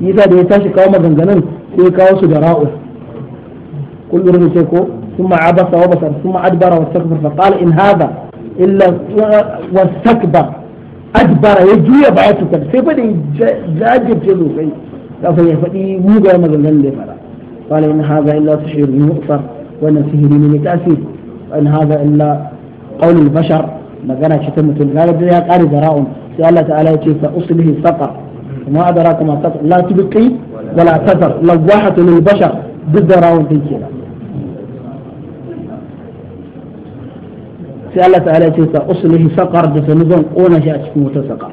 ne yasa da ya tashi kawo maganganun sai kawo su da ra'u irin sai ko ثم عبس وبصر ثم أدبر واستكبر فقال إن هذا إلا واستكبر أدبر يجوي بعتك سيفدي جاجب جلو kafin ya faɗi mugayen maganganun da ya fara qala in hadha illa sihrun yu'thar wannan sihiri ne mai tasiri ان هذا الا قول البشر ما قال شتمة قال يا قاري براء سأل الله تعالى كيف اصله سقر وما ادراك ما سقر لا تبقي ولا تذر لواحة للبشر ضد في كذا سأل الله تعالى كيف اصله سقر جسمهم اونش اشكو متسقر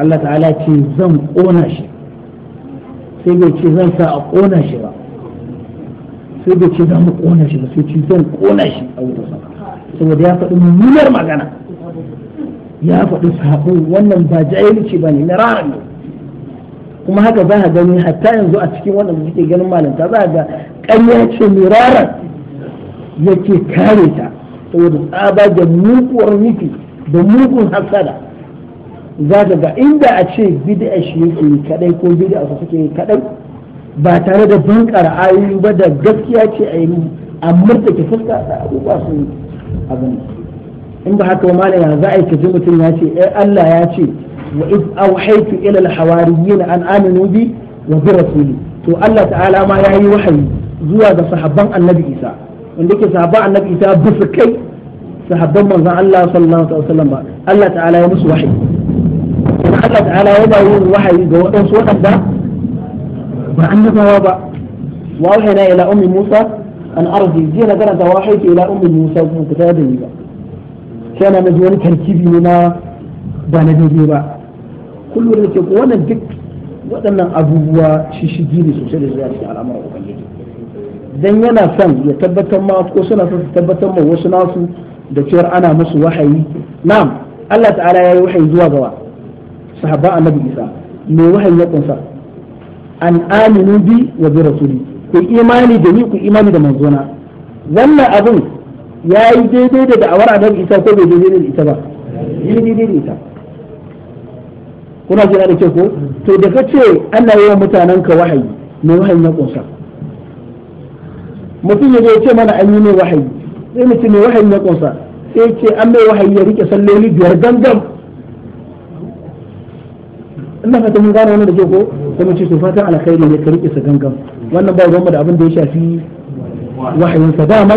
الله تعالى كيف زم اونش سيقول كيف زم سأقونش بقى sai bai ce da mu kona shi ba sai ce zan kona shi a wutar sama saboda ya faɗi mummunar magana ya faɗi sabo wannan ba jahilci ba ne na rarar ne kuma haka za a gani hatta yanzu a cikin wannan da suke ganin malanta za a ga ƙanya ce miraran yake kare ta saboda tsaba da muguwar nufi da mugun hasada za ga inda a ce bid'a shi yake kadai ko bid'a su suke kadai ba tare da bankar ayoyi ba da gaskiya ce a yi a ke fuska da abubuwa su abin in ba haka ma ya za a yi kaji mutum ya ce eh Allah ya ce wa iz awhaytu ila al-hawariyin an aminu bi wa bi rasuli to Allah ta'ala ma ya yayi wahayi zuwa ga sahabban Annabi Isa wanda yake sahabban Annabi Isa bisa kai sahabban manzon Allah sallallahu alaihi wasallam ba Allah ta'ala ya musu wahayi Allah ta'ala yana yin wahayi ga waɗansu waɗanda وأن تواضع وأوحينا إلى أم موسى أن أرضي زينة قرأت واحد إلى أم موسى وكنت كتابة ميبا كان مزوان كركيب منا بانا ميبا كل ولد يقول وانا دك وانا أبوه ششجيني سوشالي زيادة على أمر أبو dan yana son ya tabbatar ma ko suna son tabbatar ma wasu nasu da cewa ana musu wahayi na'am Allah ta'ala ya yi wahayi zuwa gawa sahaba annabi Isa me wahayi ya kunsa an aminu bi wa bi rasuli ku imani da ni ku imani da manzona wannan abun yi daidai da da'awar annabi isa ko bai daidai da ita ba yi daidai da ita kuna jira da ko to da kace Allah ya mutanen ka wahayi ne wahayi na kosa mutum ya ce mana an yi ne wahayi sai mutum ne wahayi na kosa sai ce an mai wahayi ya rike salloli biyar gangan ina fata mun gane wani da ke ko sai mu ce to fatan alkhairi ne ka rike sa gangan wannan ba ruwan da abin da ya shafi wahayin sa dama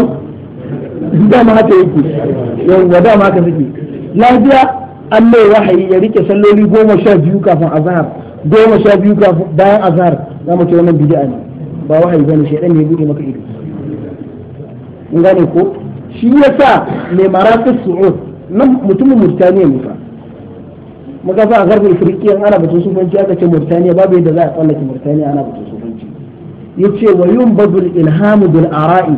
dama haka yake yawa dama haka suke lafiya Allah ya wahayi ya rike salloli goma sha biyu kafin azhar goma sha biyu kafin bayan azhar za mu ce wannan bid'a ne ba wahayi bane shedan ne ya bude maka ido mun gane ko shi yasa mai maratis su'ud nan mutumin murtaniya ne fa muka sa a garbar firkiyan ana batun sufanci aka ce murtaniya babu yadda za a tsallake murtaniya ana batun sufanci ce wa yunbadu ilhamu bil ara'i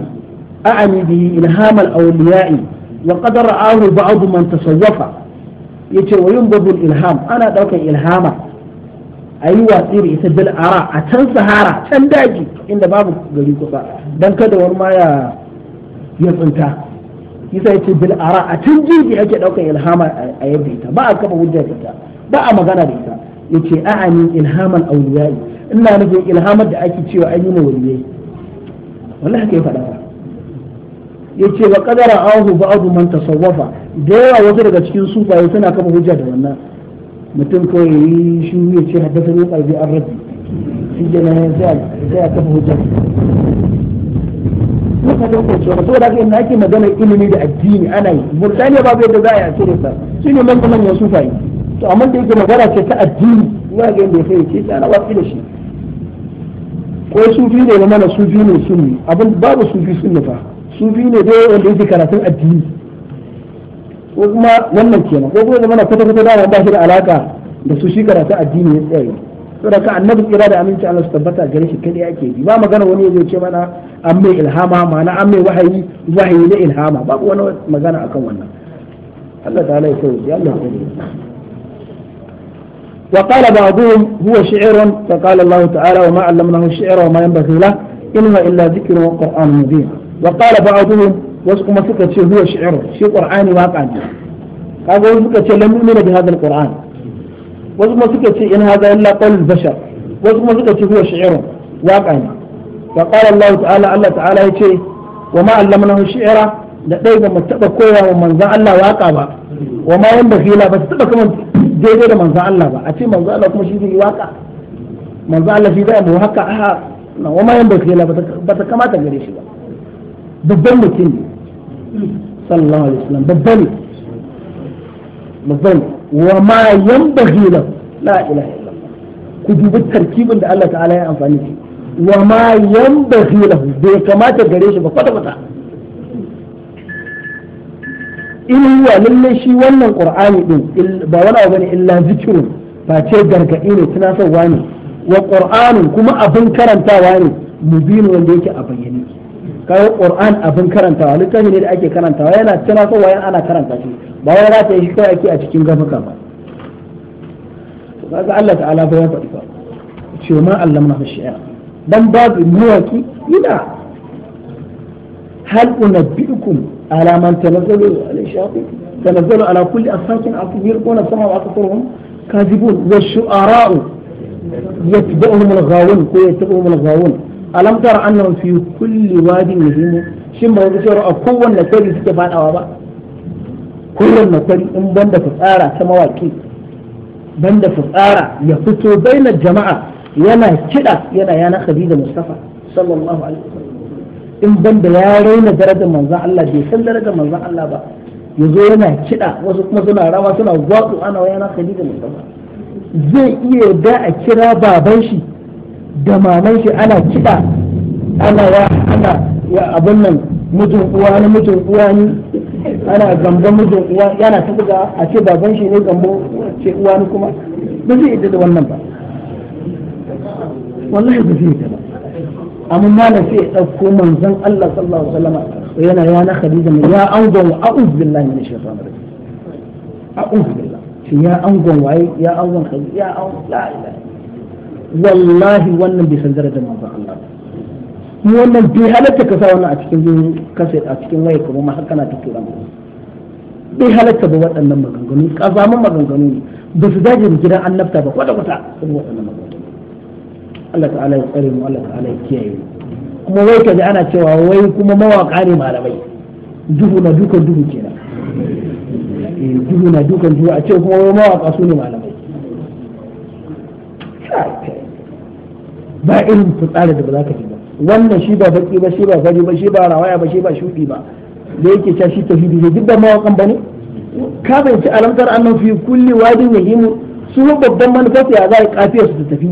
a'ani bihi ilham al awliya'i wa qad ra'ahu ba'd man tasawwafa ce wa yunbadu ilham ana daukan ilhama ayi watsi da ita bil ara a can sahara can daji inda babu gari kusa dan kada wani ma ya ya tsinta kisa yace bil ara a tun jirgi ake ɗaukar ilhama a yadda ita ba a kafa hujja ita ba a magana da ita yace a'ani ilhaman awliyai ina nufin ilhamar da ake cewa an yi ma waliyai wallahi haka ya faɗa fa yace wa qadara ahu ba'du man tasawwafa da yawa wasu daga cikin sufaye suna kafa hujja da wannan mutum kawai yi shi ya ce haddasa ne ƙarfi an rabbi shi ne sai a kafa hujja na fata ko cewa to da kai ake magana ilimi da addini ana yi murtaniya babu yadda za a yi a cire sa shine manyan manyan sufayi to amma da yake magana ce ta addini ya ga yadda kai ce ta na wafi da shi ko sufi ne na mana sufi ne sunni abin babu sufi sunni fa sufi ne dai wanda yake karatun addini ko kuma wannan kenan ko kuma mana kwata-kwata da ba shi da alaka da su shi karatun addini ya tsaye saboda ka annabi tsira da aminci Allah su tabbata gare shi kai yake bi ba magana wani zai ce mana an mai ilhama ma'ana an mai wahayi wahayi na ilhama babu wani magana akan wannan Allah ta'ala ya sauke Allah ya sauke wa بعضهم هو شعر فقال الله تعالى وما علمناه الشعر وما ينبغي له إن هو إلا ذكر وقرآن مبين وقال بعضهم وسكم سكت هو شعر شي قرآن واقع قالوا سكت لم يؤمن بهذا القرآن wasu kuma suka ce in hadha illa qawlul bashar wasu kuma suka ce huwa shi'run waqa ne fa qala Allah ta'ala Allah ta'ala yace wa ma allamnahu shi'ra da dai ba mu taba koya wa manzon Allah waka ba wa ma yanbaghi fila ba taba kuma daidai da manzon Allah ba a ce manzon Allah kuma shi zai waka manzon Allah shi zai mu haka a na wa ma yanbaghi fila ba ta kamata gare shi ba babban mutum sallallahu alaihi wasallam babban babban wa ma yanbaghi lahu la ilaha ku dubi tarkibin da Allah ta'ala ya amfani da wa ma yanbaghi lahu bai kamata gare shi ba kwata kwata in huwa lalle shi wannan qur'ani din ba wani abu bane illa zikrun ba ce gargadi ne tunasarwa ne wa qur'anun kuma abin karantawa ne mubin wanda yake a bayyane Kawai qur'an abin karantawa littafi ne da ake karantawa yana so yana ana karanta shi ba wai za ta yi shi kawai ake a cikin gafuka ba kaga Allah ta'ala fa ya faɗi fa ce ma allamna fi shi'a dan babu muwaki ina hal unabbiukum ala man tanazzalu ala shayatin tanazzalu ala kulli asakin afirquna sama wa akthurhum kadhibun wa shu'ara'u yatba'uhum al-ghawun ko yatba'uhum al-ghawun alam tara annahum fi kulli wadin yahimun shin ba ku cewa a kowanne kwari suke fadawa ba kowanne kwari in banda fitsara ta mawaki banda fitsara ya fito baina jama'a yana kida yana yana khadija mustafa sallallahu alaihi wasallam in banda ya raina darajar manzon Allah bai san darajar manzon Allah ba yazo yana kida wasu kuma suna rawa suna gwatsu ana yana khadija mustafa zai iya da a kira baban shi da maman shi ana kiɗa ana ya ana ya abin nan mutum uwa na mutum uwa ni ana gamban mutum uwa yana ta buga a ce baban shi ne gambo ce uwa ni kuma ba zai yi da wannan ba wallahi ba zai yi ba amma malam sai ya ɗauko manzon Allah sallallahu alaihi wasallam yana ya na Khadija mai ya angon wa a'udhu billahi minash shaitanir rajim a'udhu billahi ya angon waye ya angon Khadija ya angon la ilaha wallahi wannan bai san darajar manzon Allah mu wannan bai halatta ka sa wannan a cikin kasa a cikin waye kuma ma haka na ta tura mu bai halatta ba waɗannan maganganu kazaman maganganu ne ba su dace da gidan annabta ba kwata kwata sun waɗannan maganganu Allah ta'ala ya tsare mu Allah ta'ala ya kiyaye mu kuma wai kaji ana cewa wai kuma mawaka ne malamai duhu na dukan duhu kenan eh, duhu na dukan duhu a ce kuma wai mawaka su ne malamai ba irin fitsari da ba za ka ji ba wannan shi ba baki ba shi ba fari ba shi ba rawaya ba shi ba shudi ba da yake cewa shi tauhidi ne duk da mawakan ba ne ka bayyana alamtar annan fi kulli wadin yahimu su babban manufa ya za a kafiya su ta tafi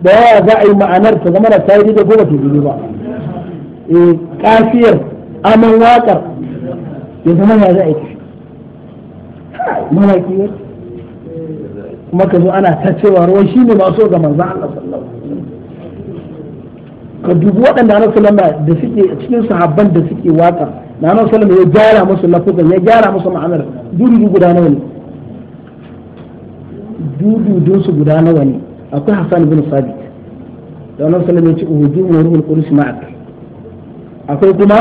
da yawa za a yi ma'anar ta zama da tayiri da goma tuzuru ba eh kafiyar aman wakar ya zama ya za a yi tafi mana kiwon kuma ka zo ana ta cewa ruwan shi ne masu ga manzan Allah sallallahu ka dubi waɗanda ana sallama da suke cikin sahabban da suke waka na ana sallama ya gyara musu ya gyara musu ma'anar dudu guda nawa ne dududun su guda nawa ne akwai Hassan bin Sabit da ana sallama ya uhudu ma'ak akwai kuma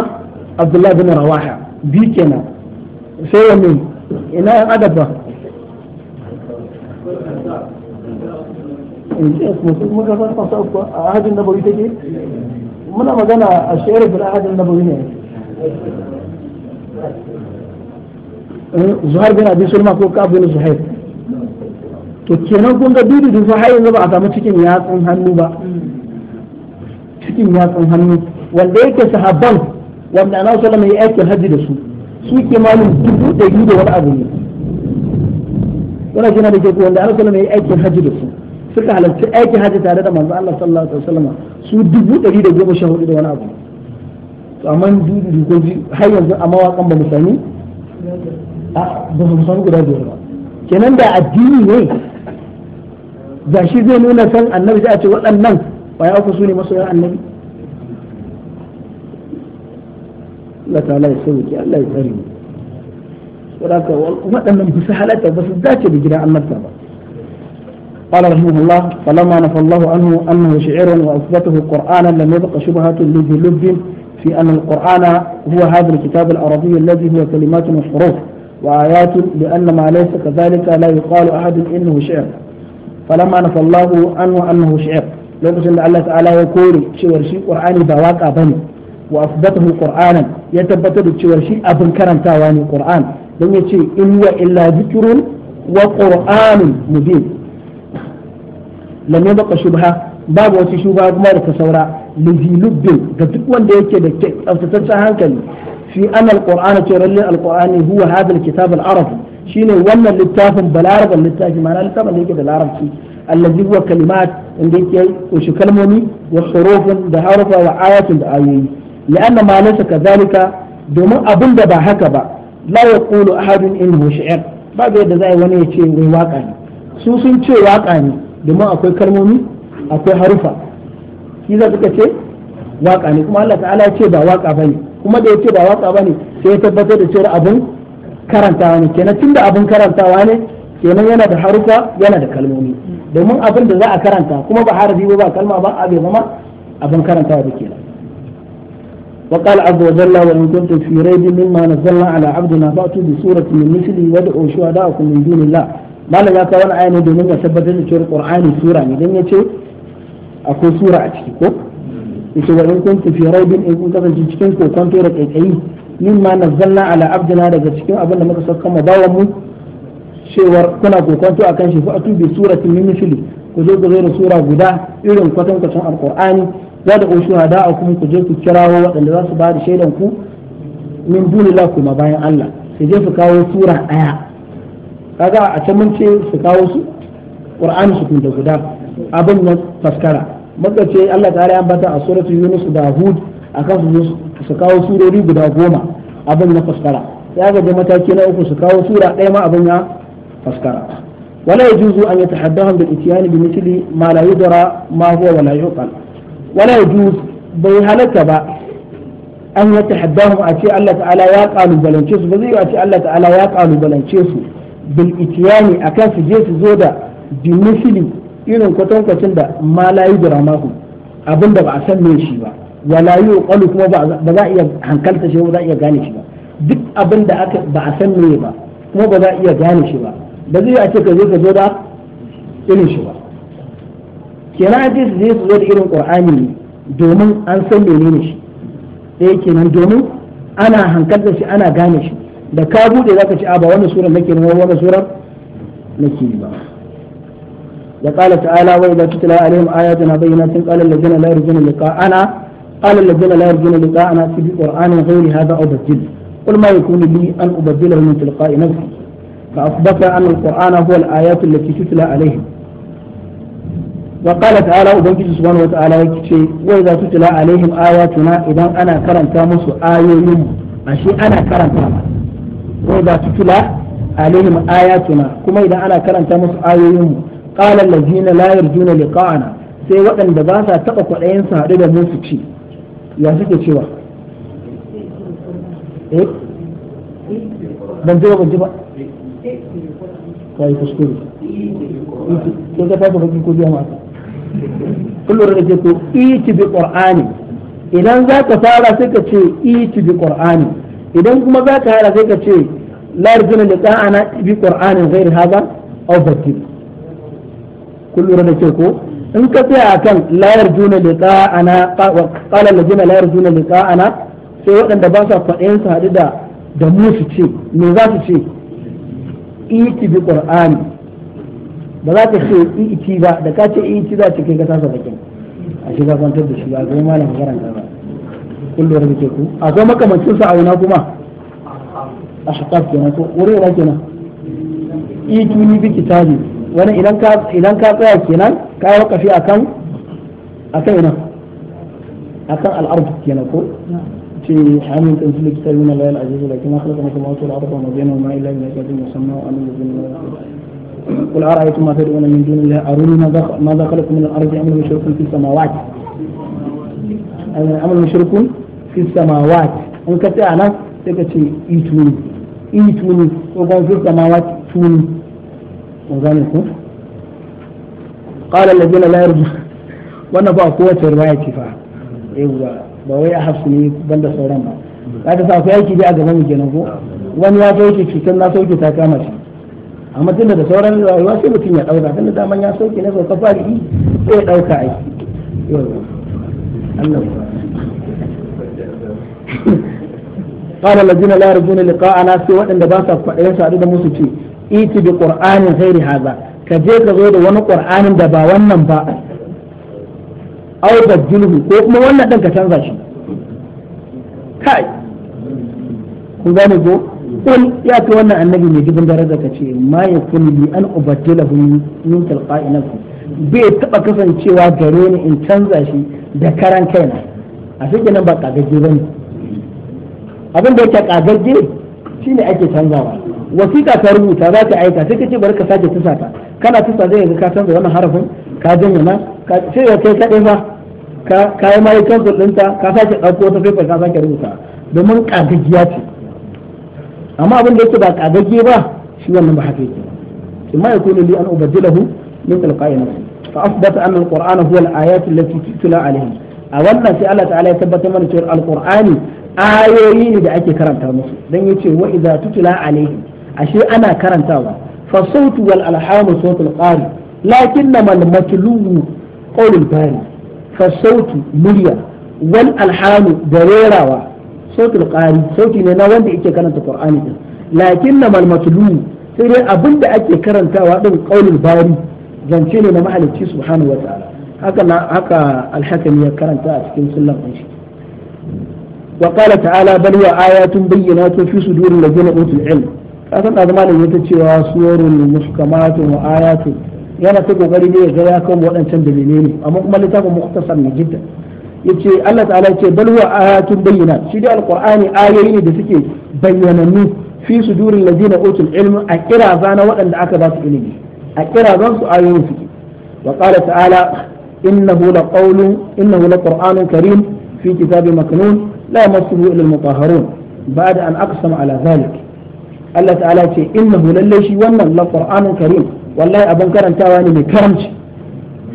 Abdullahi bin Rawaha bi kenan sai wannan ina yan adaba kuma kasar fasar a ahadin nabawi take muna magana a shayar bil ahadin nabawi ne Zuhar bin abi sulma ko kab bin zuhair to kenan kun ga dudu da zuhair yanzu ba a samu cikin yatsun hannu ba cikin yatsun hannu wanda yake sahabban wanda ana sallama ya aikin hajji da su su kimanin dubu ɗari da wani abu ne wannan shi na da ke kuwa wanda ana sallama ya aikin hajji da su suka halarci aiki hajji tare da manzo Allah sallallahu alaihi wasallam su dubu ɗari da goma sha hudu da wani abu to amma dubu ko har yanzu a mawaƙan ba mu sani ba mu sani guda biyar ba kenan da addini ne ga shi zai nuna san annabi sai a ce waɗannan baya uku su ne annabi Allah ta'ala ya sauke Allah ya tsare mu saboda waɗannan bisa halatta ba su dace da gidan annabta ba قال رحمه الله فلما نفى الله عنه أنه شعر وأثبته قرآنا لم يبق شبهة لذي لب في أن القرآن هو هذا الكتاب العربي الذي هو كلمات وحروف وآيات لأن ما ليس كذلك لا يقال أحد إنه شعر فلما نفى الله عنه أنه شعر لوكاشن da Allah ta'ala ya kore cewar shi Qur'ani ba waka bane wa asbatahu Qur'anan ya tabbatar da cewar shi abin karantawa ne Qur'an dan yace in wa illa zikrun wa Qur'anun mubin lam yabqa shubha babu wata shubha kuma da ta saura lizilubbin ga duk wanda yake da tsaftataccen hankali fi anna alqur'ana ce lalle alqur'ani huwa hadha alkitab al-arab shine wannan littafin balaraban littafi ma'ana littafin da yake da larabci allazi huwa kalimat inda yake kunshi kalmomi wa hurufun da harufa wa ayatun da ayoyi la'anna ma laysa kadhalika domin abun da ba haka ba la yaqulu ahadun innahu shi'r ba ga yadda zai wani ya ce wai waka ne sun ce waka ne domin akwai kalmomi akwai harufa shi za suka ce waka ne kuma Allah ta'ala ya ce ba waka bane kuma da ya ce ba waka bane sai ya tabbatar da cewa abun karantawa ne kenan tunda abun karantawa ne kenan yana da harufa yana da kalmomi domin abin da za a karanta kuma ba harafi ba kalma ba a bai zama abin karantawa da kenan وقال عز وجل وإن كنتم في ريب مما نزلنا على عبدنا فأتوا بسورة من مثله وادعوا شهداءكم من دون الله malam ya kawo wani aya ne domin ya tabbatar da cewa qur'ani sura ne dan yace akwai sura a ciki ko yace wa in kuntum fi raibin in kun kasance cikin kokonto da kaikayi mimma nazzalna ala abdina daga cikin abin da muka saka mu bawan mu cewar kuna kokonto akan shi fa atubi suratin min mithli ku je ku zo da sura guda irin kwatankwacin alqur'ani za da ushu hada a kuma ku je ku kirawo waɗanda za su ba da shaidan ku min dunillahi kuma bayan Allah ku je ku kawo sura ɗaya kaga a can mun ce su kawo su qur'ani su kun guda abin nan faskara muka ce Allah ta'ala ya ambata a suratu yunus da hud akan su su kawo surori guda goma abin na faskara ya gaje mataki na uku su kawo sura ɗaya ma abin ya faskara ولا يجوز أن يتحداهم بالإتيان بمثل ما لا يدرى ما هو ولا يعقل a ce Allah با ya يتحداهم أتي ba zai يقال a ce Allah الله ya يقال بلنشيس bil itiyani akan su je su zo da bimisili irin kwatankwacin da ma la yudra abin da ba a san me shi ba wala yuqalu kuma ba za a iya hankalta shi ba za a iya gane shi ba duk abin da aka ba a san me ba kuma ba za a iya gane shi ba ba zai a ce ka zo ka zo da irin shi ba kenan a su je su zo da irin qur'ani ne domin an san menene shi ɗaya kenan domin ana hankalta shi ana gane shi da ka bude zaka ci a ba wannan sura nake ne wannan nake ne ba da qala ta'ala wa idza tutla alaihim ayatuna bayyinatin qala alladhina la yarjuna liqa'ana qala alladhina la yarjuna liqa'ana fi alqur'ani ghayri hadha aw badil qul ma yakunu li an ubaddilahu min tilqa'i nafsi fa asbata an alqur'ana huwa alayat allati tutla alaihim wa qala ta'ala wa bangi subhanahu wa ta'ala yace wa idza tutla alaihim ayatuna idan ana karanta musu ayoyin ashe ana karanta wa su tula alaihim ayatuna kuma idan ana karanta musu ayoyinmu qala allazina la yarjuna liqa'ana sai waɗanda ba sa taɓa kwaɗayin su haɗu da mu su ci ya suke cewa eh ban ji ba ban ji ba kai kuskure ko ka tafi hukunci ko biya mata kullum da ke ko iti bi qur'ani idan za ka fara sai ka ce iti bi qur'ani idan kuma za ka hada sai ka ce da yarjuna liqa'ana bi qur'anin ghairi haza aw batil lura da ke ko in ka tsaya akan la ƙalar da juna layar juna da liqa'ana sai waɗanda ba sa kwaɗayin su haɗu da da mu su ce me za su ce iki bi ƙur'ani ba za ka ce iki ba da ka ce iki za ta kai ka tasa bakin a shiga kwantar da shi ba ga malam karanta ba kullum da ke ku akwai makamancin sa a yana kuma a shakaf kenan ko wuri ina kenan ituni bi kitabi wani idan ka idan ka tsaya kenan ka yi wakafi akan akan ina akan al'ardu kenan ko في حامل تنزيل كتاب من العزيز لكن خلق ما سمعت الارض وما بينهما الا بنجاة مسمى وانا الذين قل ارايتم ما تدعون من دون الله اروني ماذا خلقوا من الارض ام المشركون في السماوات ام المشركون في السماوات in ka tsaya nan sai ka ce ituni ituni ko kuma fi samawat tuni kun gane ku qala alladhina la yarju wannan ba kowace riwaya ce fa yawa ba wai a hafsu ne banda sauran ba za ka sa aiki dai a gaban mu amma tunda da sauran rayuwa sai mutum ya dauka tunda daman ya sauke na sauka fari sai ya dauka aiki Allah قال الذين لا يرجون لقاء سي ودن ba sa kwadayen sadu da musu ce iti bi qur'anin ghairi hadha ka je ka zo da wani da ba wannan ba au badilhu ko kuma wannan dan ka canza shi kai kun gane ko kun ya ta wannan annabi mai gidan daraja ka ce ma yakun li an ubaddilahu min tilqa'i nafsi bai taba kasancewa gare ni in canza shi da karan kaina a cikin nan ba kagagge bane abin da yake kagagge shine ake canzawa wasiƙa ta rubuta za ta aika sai kace bari ka sake tusa ta kana tusa zai ga ka canza wannan harafin ka janye na sai ya kai kaɗai fa ka yi mai cancel ɗinta ka sake paper ka sake rubuta domin kagaggiya ce amma abin da yake ba kagagge ba shi wannan ba haka yake li an ubaddilahu min tilqa'i nafsi fa asbata anna al-qur'ana huwa al-ayat allati tutla alayhi a wannan sai Allah ta'ala ya tabbatar mana cewa al-qur'ani ayoyi ne da ake karanta musu dan yace wa idza tutla alaihim ashe ana karantawa fa sautu wal alhamu sautul qari lakinnama al matlubu qawlul bari fa sautu murya wal alhamu da sautul qari sauti ne na wanda yake karanta qur'ani din lakinnama al matlubu sai dai abinda ake karantawa din qawlul bari zance ne na mahalicci subhanahu wa ta'ala haka haka alhakami ya karanta a cikin sunan shi وقال تعالى بل وآيات بينات في صدور الذين أوتوا العلم kasan da zama da ta cewa suwarun muhkamatun wa ayatun yana ta kokari ne ga ya kan waɗancan dalilai ne amma kuma littafin muktasar ne jidda yace Allah ta'ala yace bal wa ayatun bayyinat shi dai alqur'ani ayoyi ne da suke bayyananni fi sudurin ladina utul ilm a kiraza na waɗanda aka ba su ilimi a kirazan su ayoyin suke wa qala ta'ala innahu laqawlun innahu laqur'anun karim fi kitabin maknun لا يمسه إلا المطهرون بعد أن أقسم على ذلك الله تعالى يقول إنه لليشي ونن لقرآن كريم والله أبن كرم تاواني من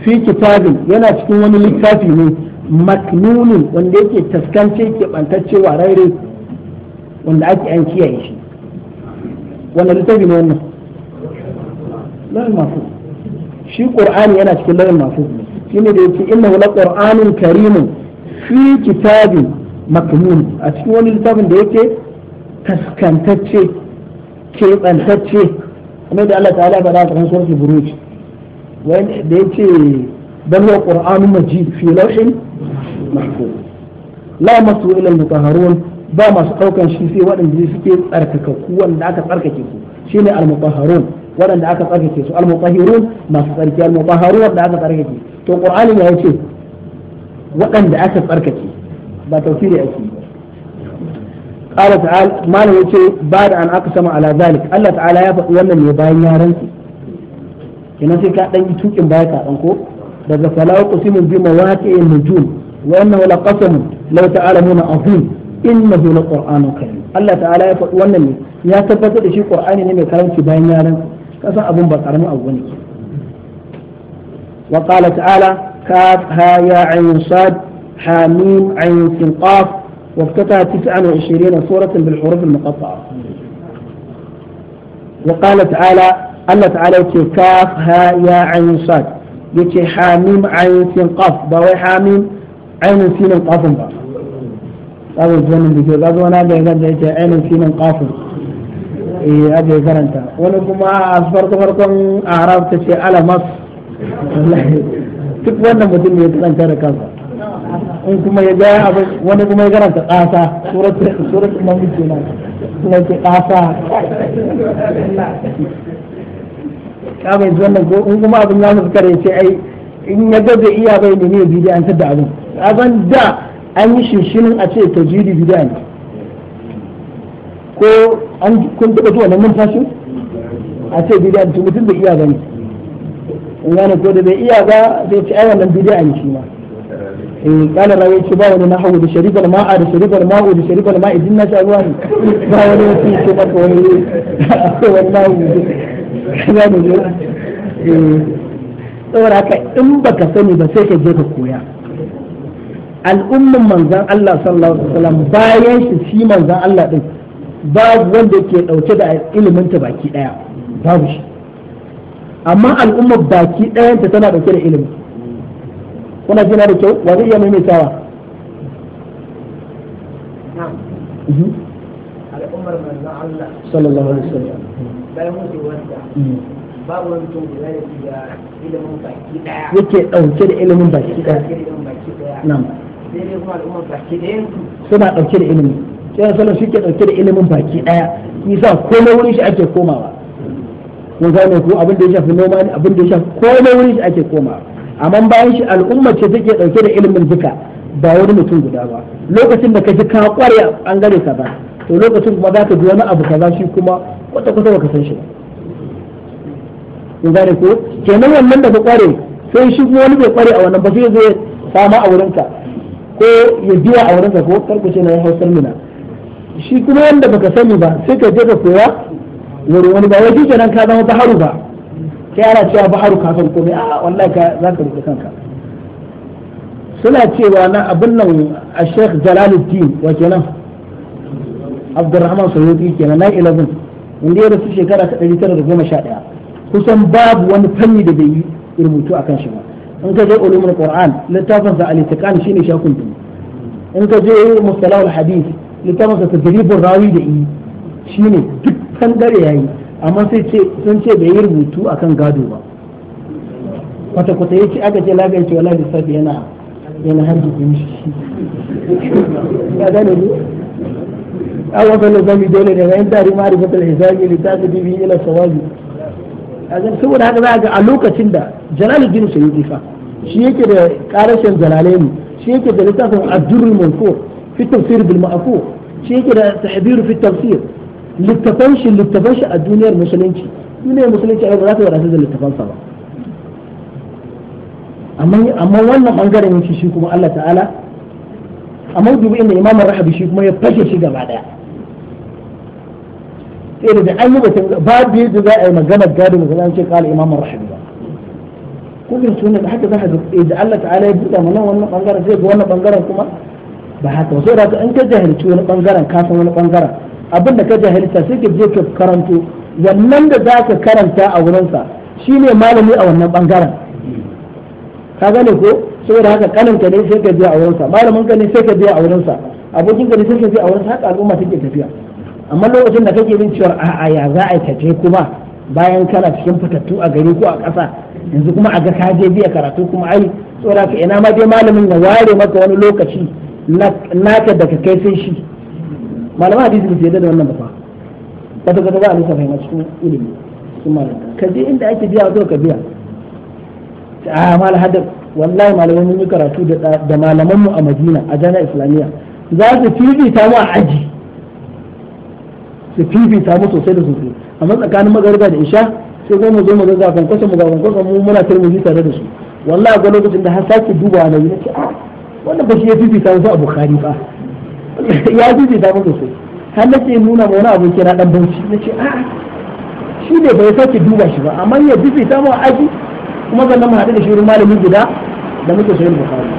في كتاب ينا تكون لكتابي من maknuni wanda yake taskance keɓantacce wa raire wanda ake an kiyaye shi wanda littafi ne wannan larin mafu shi ƙur'ani yana cikin larin mafu inna fi kitabin makmun a cikin wani littafin da yake kaskantacce keɓantacce kuma da Allah ta'ala faɗa a cikin suratul buruj da yake bal huwa qur'anun majid fi lawhin mahfuz la masu ila al-mutahharun ba masu daukan shi sai waɗanda suke tsarkakakku wanda aka tsarkake su shine al-mutahharun waɗanda aka tsarkake su al-mutahhirun masu tsarki al-mutahharun da aka tsarkake to qur'ani ya ce waɗanda aka tsarkake ba tafsiri ake yi قال تعالى ما له يجي بعد أن أقسم على ذلك الله تعالى wannan ne bayan ya rantsi ina sai ka dan tukin baya ka dan ko daga falau qasimu bi mawaqi'in nujum wa annahu laqasamu law ta'lamuna azim innahu laqur'anun karim Allah ta'ala ya faɗi wannan ne ya tabbatar da shi Qur'ani ne mai karanci bayan ya rantsi kasan abun ba karamin wa ta'ala ka حاميم عين سين قاف وافتتح 29 سورة بالحروف المقطعة وقال تعالى الله تعالى يتي كاف ها يا عين صاد يتي حاميم عين سين قاف باوي حاميم عين سين قاف با هذا الزمن بيجي بعد وانا ده ده يتي عين سين قاف ايه ابي كرنتا وانا كما اصفر فرقم اعراب تشي على مصر duk wannan mutum ne ya karanta da kansa in kuma ya ga abin wani kuma ya garanta ƙasa suratul suratul mamun kenan suna ke ƙasa ka bai zuwa ko in kuma abin ya fuskar kare ce ai in ya gaza iya bai ne ne bidiya an da abin abin da an yi shinshinin a ce ta tajwidi bidiya ne ko an kun taɓa zuwa nan numfashi a ce bidiya mutum da iya ne in gane ko da bai iya ba zai ci ai wannan bidiya ne shi ma in kana rawi ce ba wani nahawu da sharibal ma'a da sharibal ma'u da sharibal ma'i din na shawo ne ba wani wasu ce maka wani akwai wani nahawu da ne ne saboda haka in baka sani ba sai ka je ka koya al'ummin manzan Allah sallallahu alaihi wasallam bayan shi shi manzan Allah din babu wanda ke dauke da ilimin ta baki daya babu shi amma al'ummar baki ɗayanta tana dauke da ilimi kuna na da kyau wa zai iya maimaitawa mhm. al'ummar manzon Allah sallallahu alaihi wasallam bayan mutuwarsa mhm. babu wani tun da zai da ilimin baki daya yake dauke da ilimin baki daya na'am sai dai kuma al'ummar baki daya suna dauke da ilimi sai sallallahu sanar suke dauke da ilimin baki daya yasa komai wurin shi ake komawa mun gane ko abin da ya shafi noma ne abin da ya shafi komai wurin shi ake komawa amma bayan shi al'umma ce take dauke da ilimin duka ba wani mutum guda ba lokacin da kaji ka kware an gare ka ba to lokacin kuma za ka ji wani abu kaza shi kuma kwata kwata baka san shi ba in gane ko kenan wannan da ka kware sai shi kuma wani bai kware a wannan ba sai zai sama a wurin ka ko ya biya a wurin ka ko karkace na hausar mina shi kuma wanda baka sani ba sai ka je ka koya wurin wani ba wai kenan ka zama baharu ba kai ana cewa baharu kafin komai a wallahi ka za ka rubuta kanka suna cewa na abin nan a sheikh jalaluddin wa kenan abdurrahman sayyidi kenan na 11 wanda ya rasu shekara ta 1911 kusan babu wani fanni da bai yi rubutu akan shi ba in ka je ulumul qur'an littafin sa al-itqan shine shakun in ka je mustalahul hadith littafin sa tadribur rawi da yi shine duk kan dare yayi amma sai ce sun ce bai yi rubutu akan gado ba kwata kwata ce aka ce lagan ce wallahi sabi yana yana har jikin shi ya gane ne an wasa lazami dole daga yan dari ma rubuta da ta littafi bibi ila sawazi a zan saboda haka za a ga a lokacin da jalaluddin yi fa shi yake da karashin jalalaini shi yake da littafin ad-durrul manqur fi tafsir bil ma'qur shi yake da tahbir fi tafsir littafan shi littafan shi a duniyar musulunci duniyar musulunci ai ba za ta wadatu da littafan sa ba amma amma wannan bangaren shi shi kuma Allah ta'ala amma dubi inda Imam Rahabi shi kuma ya fashe shi gaba daya sai da an yi batun babu yadda za a yi magana gado da zan ce kala Imam Rahabi ba ko bin sunan haka za ka ga eh, da Allah ta'ala ya buɗa mana wannan bangaren sai ga wannan bangaren kuma ba haka so da in ka jahilci wani bangaren ka san wani bangaren abin da ka jahilta sai ka je ka karanto wannan da za ka karanta a wurinsa shi ne malami a wannan bangaren ka gane ko saboda haka kaninka ne sai ka je a wurinsa malamin ka ne sai ka je a wurinsa abokin ka ne sai ka je a wurinsa haka al'umma take tafiya amma lokacin da kake yin cewa a'a ya za a kace kuma bayan kana cikin fitattu a gari ko a ƙasa yanzu kuma a ga ka je biya karatu kuma ai saboda haka ina ma dai malamin ya ware maka wani lokaci naka da ka kai sai shi malama hadisi ba su yadda da wannan ba fa wata gaba ba a nisa fahimta cikin ilimi cikin malaman ka je inda ake biya wato ka biya a ah, ma hadar wallahi Malamai mun yi karatu da malaman mu a Madina a jana islamiyya za su ta mu a aji su ta mu sosai da sosai amma tsakanin magariba da isha sai kuma mu zo mu ga kwankwason mu ga kwankwason mu muna turmuzi tare da su wallahi ga lokacin da har sake dubawa na yi na ce a ah, wannan ba shi ya ta mu a Bukhari ba ya ji da mu sosai har ke nuna ma wani abu ke na dan na ce a shi ne bai sake duba shi ba amma ya zai ta a aji kuma zan mu haɗu da shi malamin gida da muke da kawai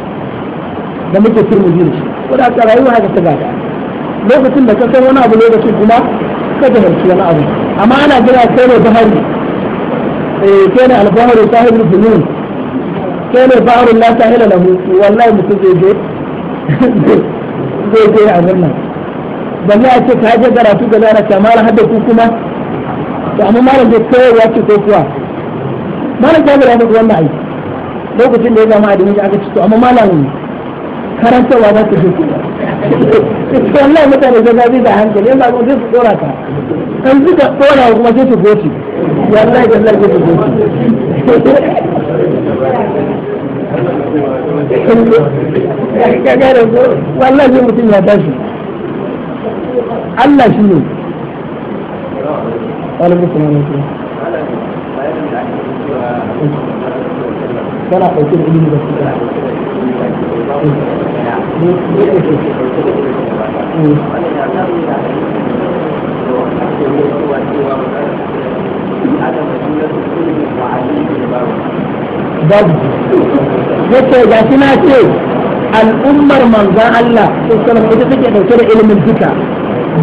da muke turmudi da shi ko da aka rayuwa haka ta gada lokacin da ka san wani abu lokacin kuma ka harshe wani abu amma ana jira kai ne bahari eh kai ne al-bahru sahibul bunun kai ne bahrul la sahila lahu wallahi mutum zai je zai je abin nan balle a ce ka je karatu ga zara ta mara hada ku kuma to amma malam zai kawai ya ce ko kuwa malam jabir ya faɗi wannan aiki lokacin da ya zama adini aka ci to amma malam karantarwa za ta duk wallahi mutane da zabi da hankali yanzu abu zai su dora ta kan suka dora kuma sai su goci wallahi da zai su goci ka wallahi sai mutum ya tashi Allah shi ne alaikum ɗauke da da babu yace ga shi na ce al'ummar manzan Allah ita alaihi take ɗauke da ilimin duka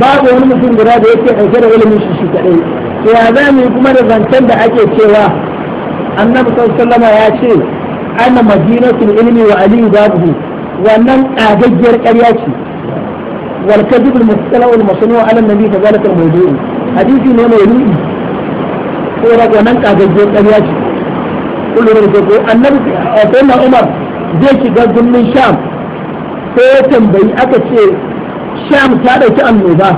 babu wani mutum guda da yake ɗauke da ilimin shi shi to ya za mu kuma da zancen da ake cewa annabi sallallahu alaihi ya ce ana madinatul ilmi wa aliyu babu wannan kagaggiyar ƙarya ce wal kadhib mustala wal masnu ala an-nabi kadhalika al-mawdu' hadisi ne mai ru'i ko da wannan kagagge ƙarya ce kullum da ko annabi eh, sayyidina Umar zai shiga gumin Sham sai ya tambayi aka ce Sham ta dauki annoba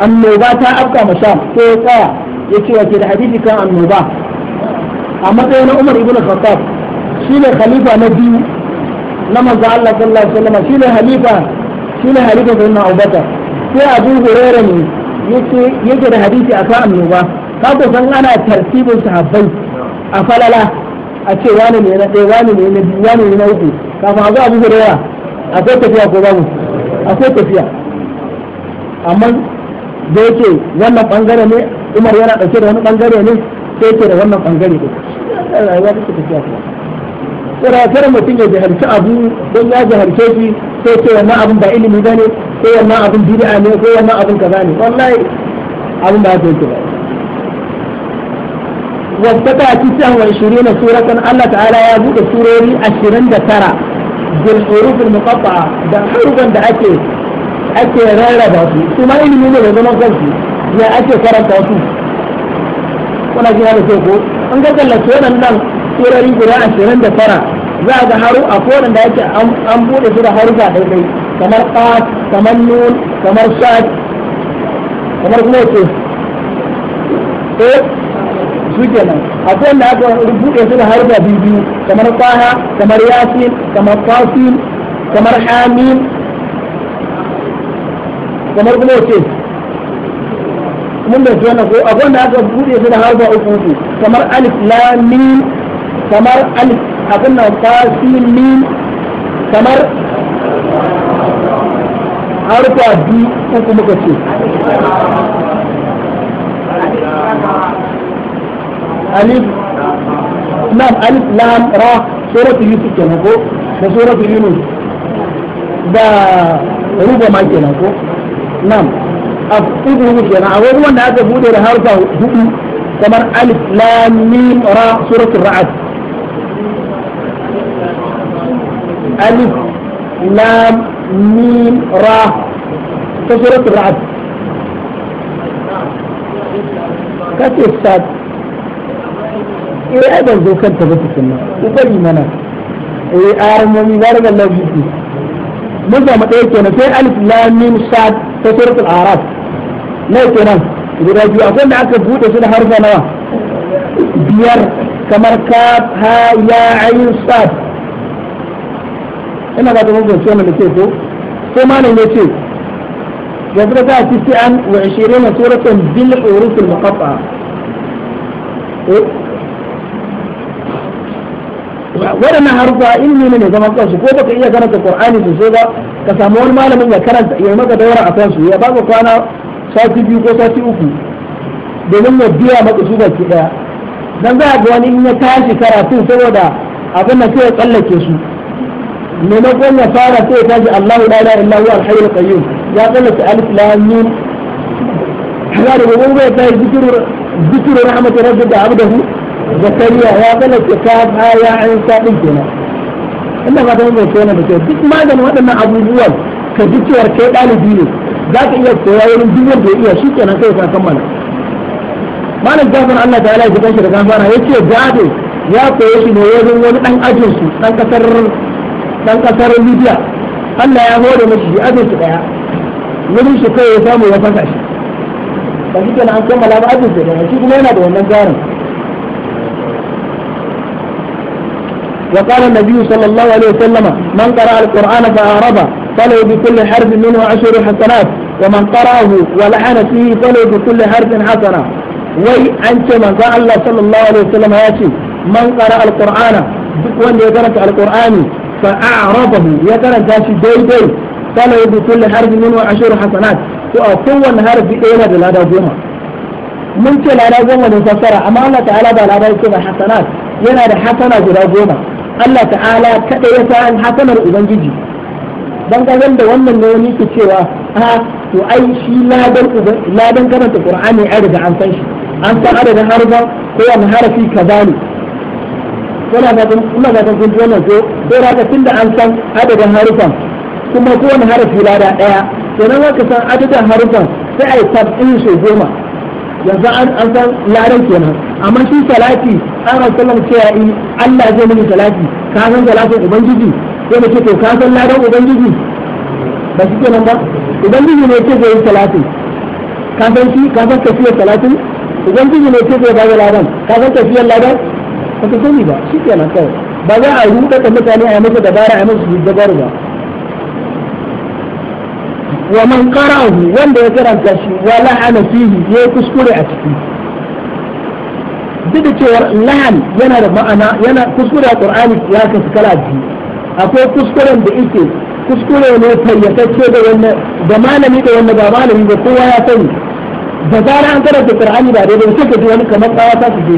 annoba ta afka ma Sham sai ya tsaya ya ce wace da hadisi kan annoba a matsayin Umar ibn Khattab shine khalifa na biyu na manzo Allah sallallahu alaihi wasallam shine halifa shine halifa sayyidina Abubakar sai Abu Hurairah ne yake yake da hadisi akan annoba kago san ana tartibin sahabbai a falala a ce wani ne na ɗaya wani ne na biyu wani ne na uku kafin a zo abu a akwai tafiya ko babu akwai tafiya amma da yake wannan bangare ne umar yana ɗauke da wani bangare ne sai yake da wannan bangare ne rayuwa take tafiya kuma tsirafiyar mutum ya jaharci abu don ya jaharce shi sai ce wannan abin ba ilimi ba ne ko wannan abin bid'a ne ko wannan abin kaza ne wallahi abin ba ya ce ba wasaka tisan wa shuri na Allah ta'ala ya bude surori ashirin da tara bil urufin muƙaffa da hurufin da ake ake rarraba su su ne da zaman kansu ya ake karanta su kuna jina da sai ko an ga kallace wannan surori guda ashirin da tara za a ga haru a kowanne da ake an buɗe su da haruka daidai kamar ƙas kamar nun kamar shaƙi kamar kuma eh, su kenan akwai wanda aka rubuɗe su da harfa biyu kamar kwaha kamar yasin kamar fasil kamar hamim kamar kuma wace mun da su wannan ko akwai wanda aka buɗe su da harfa uku uku kamar alif lam kamar alif abin nan fasil mim kamar harfa biyu uku muka ce ألف نعم ألف لام را سورة يوسف كنكو وسورة يونس دا روبا ما كنكو نعم أفقده كنا أول وانا أتبوني لهارفة هدو كمان ألف لام ميم را سورة الرعد ألف لام ميم را سورة الرعد كتب eh ai ban zo kanta ba tukunna ku bari mana eh armomi barakan Allah fiki mun samu ɗaya kenan sai alif lam mim sad ta suratul araf ne kenan guda biyu akwai da aka bude su da harfa nawa biyar kamar ka ha ya ayin sad ina ba ta mafi wannan da ke ko sai malam ya ce yanzu da za a tisi an wa waɗannan harufa ilimi ne mai zaman kansu ko baka iya karanta qur'ani sosai ba ka samu wani malamin ya karanta ya maka daura a kansu ya baka kwana sati biyu ko sati uku domin ya biya maka su baki daya dan za ga wani in ya tashi karatun saboda abin da sai ya tsallake su maimakon ya fara sai ya tashi Allahu la ilaha illa huwa al-hayyul qayyum ya tsallake alif lam mim hada da gobe ya tashi zikru zikru rahmatir rabbika abdahu zakariya ya tsallake ta baya an sa din kenan inda ba ta mai kenan da kyau duk maganin waɗannan abubuwan ka ji cewar kai ɗalibi ne za ka iya koya wurin duk wanda ya iya shi kenan kai ka kammala malam jafar Allah ta ta'ala ya shi da gafara ce gado ya koya shi ne wurin wani ɗan ajin su dan kasar dan Libya Allah ya hore mashi ajin su ɗaya wurin shi kai ya samu ya fasa shi ba shi kenan an kammala ba ajin su da shi kuma yana da wannan garin وقال النبي صلى الله عليه وسلم من قرأ القرآن فأعرض فله بكل حرف منه عشر حسنات ومن قرأه ولحن فيه فله بكل حرف حسنة وي أنت من قال الله صلى الله عليه وسلم ياتي من قرأ القرآن وان يقرأ القرآن فأعرضه يقرأ شي دي دي فله بكل حرف منه عشر حسنات وأقوى حرف إيه هذا هذا mun ce lada goma ne fassara amma Allah ta'ala ba lada yake ba hasanat yana da hasana guda goma Allah ta'ala kada ya sa san hasanar ubangiji dan gaban da wannan ne wani ke cewa a ah, to ai shi ladan ladan karanta qur'ani an riga an san shi an san adadin harfa ko wani harafi kaza ne kuna ga kuna ga kun ji wannan ko ko da tunda an san adadin harfan kuma kowane harafi lada daya kenan ka san adadin harfan sai ai tab din shi goma yanzu an san yaren kenan amma shi salati an rasulullah cewa in Allah zai mini salati ka san salatin ubangiji sai mace to ka san ladan ubangiji ba shi kenan ba ubangiji ne ce zai yi salatin ka san shi ka san tafiyar salatin ubangiji ne ce zai bada ladan ka san tafiyar ladan ba san ni ba shi kenan kawai ba za a ruɗa mutane a yi masa dabara a yi masa dabaru ba wa man qara'ahu wanda ya karanta shi wa la'ana fihi ya kuskure a ciki duk da cewa la'an yana da ma'ana yana kuskure a qur'ani ya kasu kala biyu akwai kuskuren da yake kuskure ne fayyatacce da wanda da malami ba malami ba kowa ya sani da zara an karanta qur'ani ba daidai sai ka ji wani kamar ta shi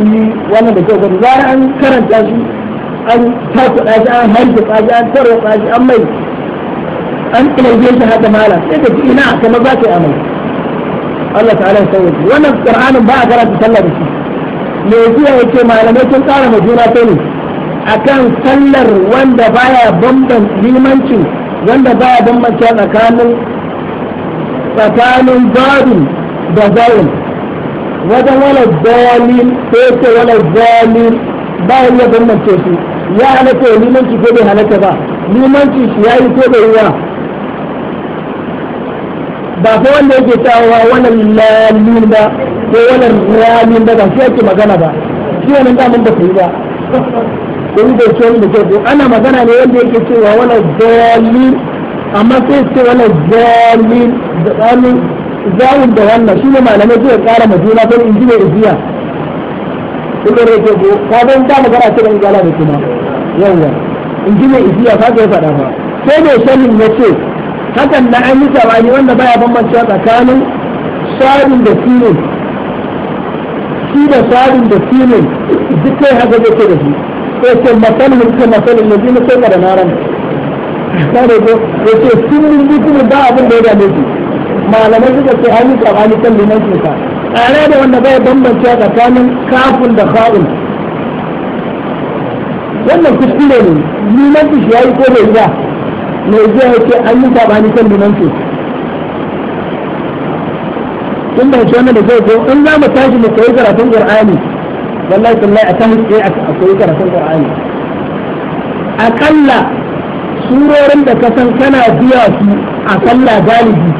yi wannan da kyau da zara an karanta shi an takuɗa shi an harbe tsaji an tarwa tsaji an mai an tilaibe shi haka malam sai ka ji ina kamar za ka yi amai Allah ta'ala ya sauke wannan qur'anin ba a karanta sallah da shi me zuwa yace malamai sun tsara ma juna ta sani akan sallar wanda baya bamban limancin wanda baya bambance tsakanin tsakanin zalim da zalim wajen wala zalim sai ce wala zalim bayan ya bambance shi ya halatta limanci ko bai halatta ba limanci shi yayi ko bai yi ba fa wanda yake cewa wannan lalin ba ko wannan ralin ba ba shi yake magana ba shi wannan da mun ba yi ba kun da ce wanda ke ko ana magana ne wanda yake cewa wannan dalil amma sai ce wannan dalil da dalil zawun da wannan shi ne malamai zai kara majuna ko injiniya ijiya kun da yake ko ka dan da magana ce dan gala da kuma yawa in ji ne ijiya ka ga fada ba sai da shalin ne ce hakan na an yi sabani wanda baya bambancewa tsakanin sadin da filin shi da sadin da filin duk kai haka zai ce da shi ko ce matsalin ka matsalin da zina sai da naran kare ko ya ce sun mun kuma ba abin da ya dame shi malamai suka ce an yi sabani kan liman kinsa tare da wanda baya bambancewa tsakanin kafin da fa'ul wannan kuskure ne liman shi ya yi ko bai yi ba mai zuwa ya ce an yi sabani kan nunan su tun da shi wannan da zai zo in za mu tashi mu koyi karatun qur'ani wallahi tallahi a tashi sai a koyi karatun qur'ani akalla surorin da ka san kana biya su a sallah galibi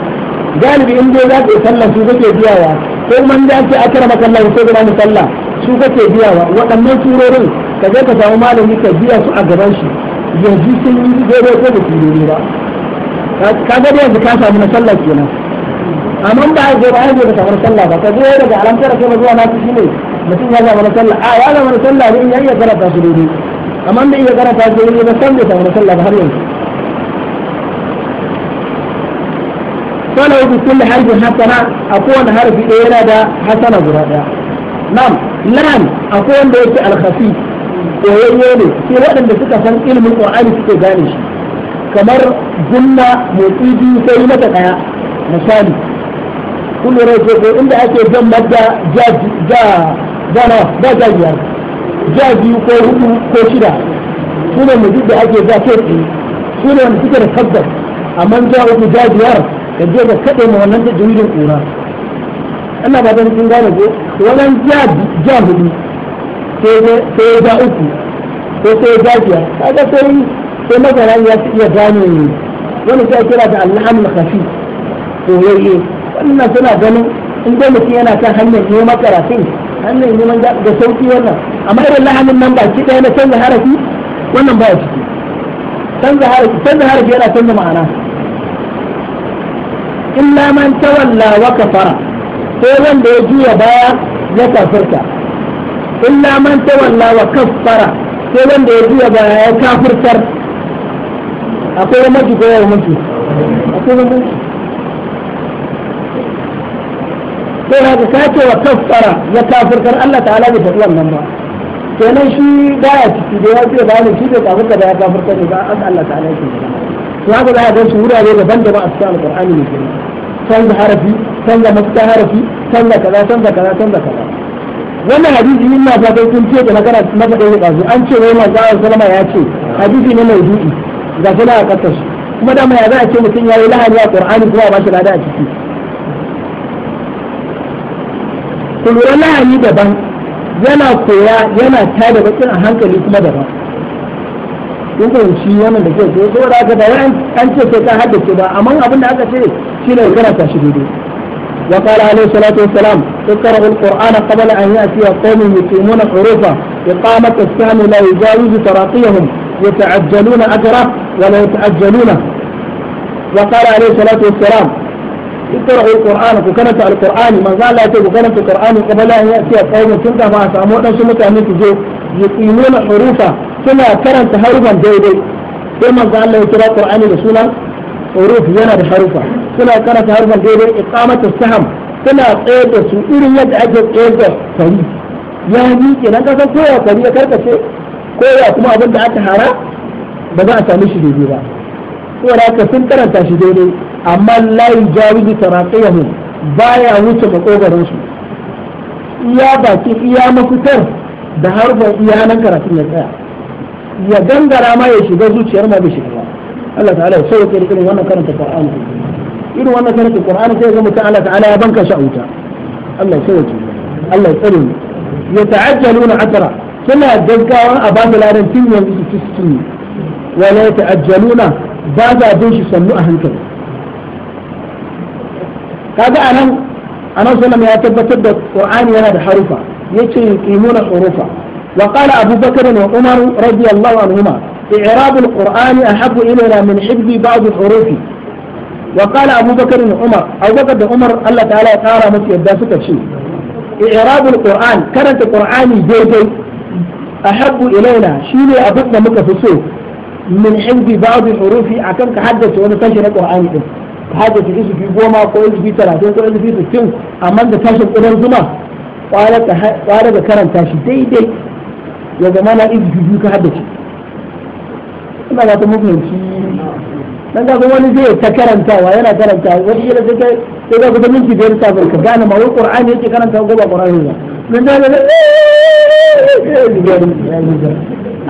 galibi in dai za ka yi sallah su kake biyawa ko man da ake akara makalla ko gaba mu sallah su kake biyawa waɗannan surorin ka je ka samu malami ka biya su a gaban shi yanzu sun yi daidai ko ba su yi ba ka ga yanzu ka samu na sallah kenan amma ba a zo ba a zo ka samu na sallah ba ka zo daga alamtar kai ba zuwa na su shine mutum ya samu na sallah a ya samu na sallah ne ya iya karanta su daidai amma da iya karanta su daidai ba san bai samu na sallah ba har yanzu فلو بكل حرف حسنة أكون حرف إيه هذا حسنة جرادة نعم لام أكون بيت الخفيف koyayye ne sai waɗanda suka san ilimin qur'ani suke gane shi kamar jumla motsi biyu sai mata daya misali kun lura ce ko inda ake jan madda ja ja ja na ba ja biyar ja biyu ko hudu ko shida su ne mu da ake ja kai tsaye su ne wanda suke da tabbas amma ja uku ja biyar da je da kaɗe ma wannan da jawidin ƙura Ina ba zan kin gane ko wannan ja hudu sai ya ja uku ko sai ya ja biyar kaga sai sai masana ya su iya gane wani sai kira da al'amul khafi koyayye wannan suna ganin in dai mutum yana kan hanyar neman karatun hanyar neman da sauki wannan amma irin lahanin nan baki ɗaya na canza harafi wannan baya ciki canza harafi canza harafi yana canza ma'ana illa man tawalla wa kafara sai wanda ya juya baya ya kafirta illa man tawalla wa kaffara sai wanda ya juya ba ya kafirtar akwai maji ko yau maji akwai maji sai haka ka ce wa kaffara ya kafirtar Allah ta'ala bai faɗi wannan ba kenan shi baya ciki da ya ce ba ne shi bai kafirtar da ya kafirtar ne ba Allah ta'ala ya ce to haka za a ga su wurare daban-daban a cikin alƙur'ani ne kenan canza harafi canza mafita harafi canza kaza canza kaza canza kaza wannan hadisi mata fatan kun ce da magana na faɗe da ɗazu an ce wai manzo Allah sallama ya ce hadisi ne mai du'i ga na a ƙasar kuma da mai za a ce mutum ya yi lahani a Qur'ani kuma ba shi lada a ciki kuluran lahani daban yana koya yana tada bakin a hankali kuma daban kun fahimci wannan da ke so da haka da an ce sai ka haddace ba amma abin da aka ce shine kana shi daidai وقال عليه الصلاة والسلام اقرأوا القرآن قبل أن يأتي قوم يقيمون حروفه إقامة السهم لا يجاوز تراقيهم يتعجلون أجره ولا يتعجلونه وقال عليه الصلاة والسلام اقرأوا القرآن وكانت القرآن من قال لا تقول كانت القرآن قبل أن يأتي قوم سنة ما سامونا سمك أن تجو يقيمون حروفه سنة كانت حروفا جيدة ثم قال لا يترى القرآن رسولا حروف ينا بحروفه suna karanta harfar daidai iqamatu saham suna tsayar da su irin yadda ake tsayar da kwari ya miƙe na kasan koya kwari ya karkace koya kuma abin da aka hara ba za a sami shi daidai ba saboda haka sun karanta shi daidai amma layi jawizi ba ya wuce makogarin su iya baki iya mafitar da harfar iya nan karatun ya tsaya ya gangara ma ya shiga zuciyar ma bai shiga ba Allah ta'ala ya sauke irin wannan karanta Qur'ani irin wannan karatun qur'ani sai ga mutum Allah ta'ala ya banka shi wuta Allah ya sauke Allah ya tsare ya ta'ajjaluna atara suna gaggawa a babu ladan tin yanzu su tsitsi wa la ta'ajjaluna ba za bin shi sannu a hankali kaga anan anan sallam ya tabbatar da qur'ani yana da harufa yace yuqimuna hurufa وقال أبو بكر وعمر رضي الله عنهما إعراب القرآن أحب إلينا من حفظ بعض حروفه wa qala Abu Bakar da Umar Abu Bakar da Umar Allah ta'ala ya kara musu yadda suka ce i'rabul qur'an karanta qur'ani daidai ahabbu ilaina shine abin da muka fi so min hifzi ba'd hurufi akan ka haddace wani sashi na qur'ani din ka haddace izufi goma ko izufi talatin ko izufi sittin amma da tashin ƙudan zuma kwara da karanta shi daidai ya zama na ka haddace dan ga wani zai ta karantawa yana karanta wani yana sai kai sai ga kusa minti biyar ta ka gane ma wai qur'ani yake karanta ko ba qur'ani ba dan da ne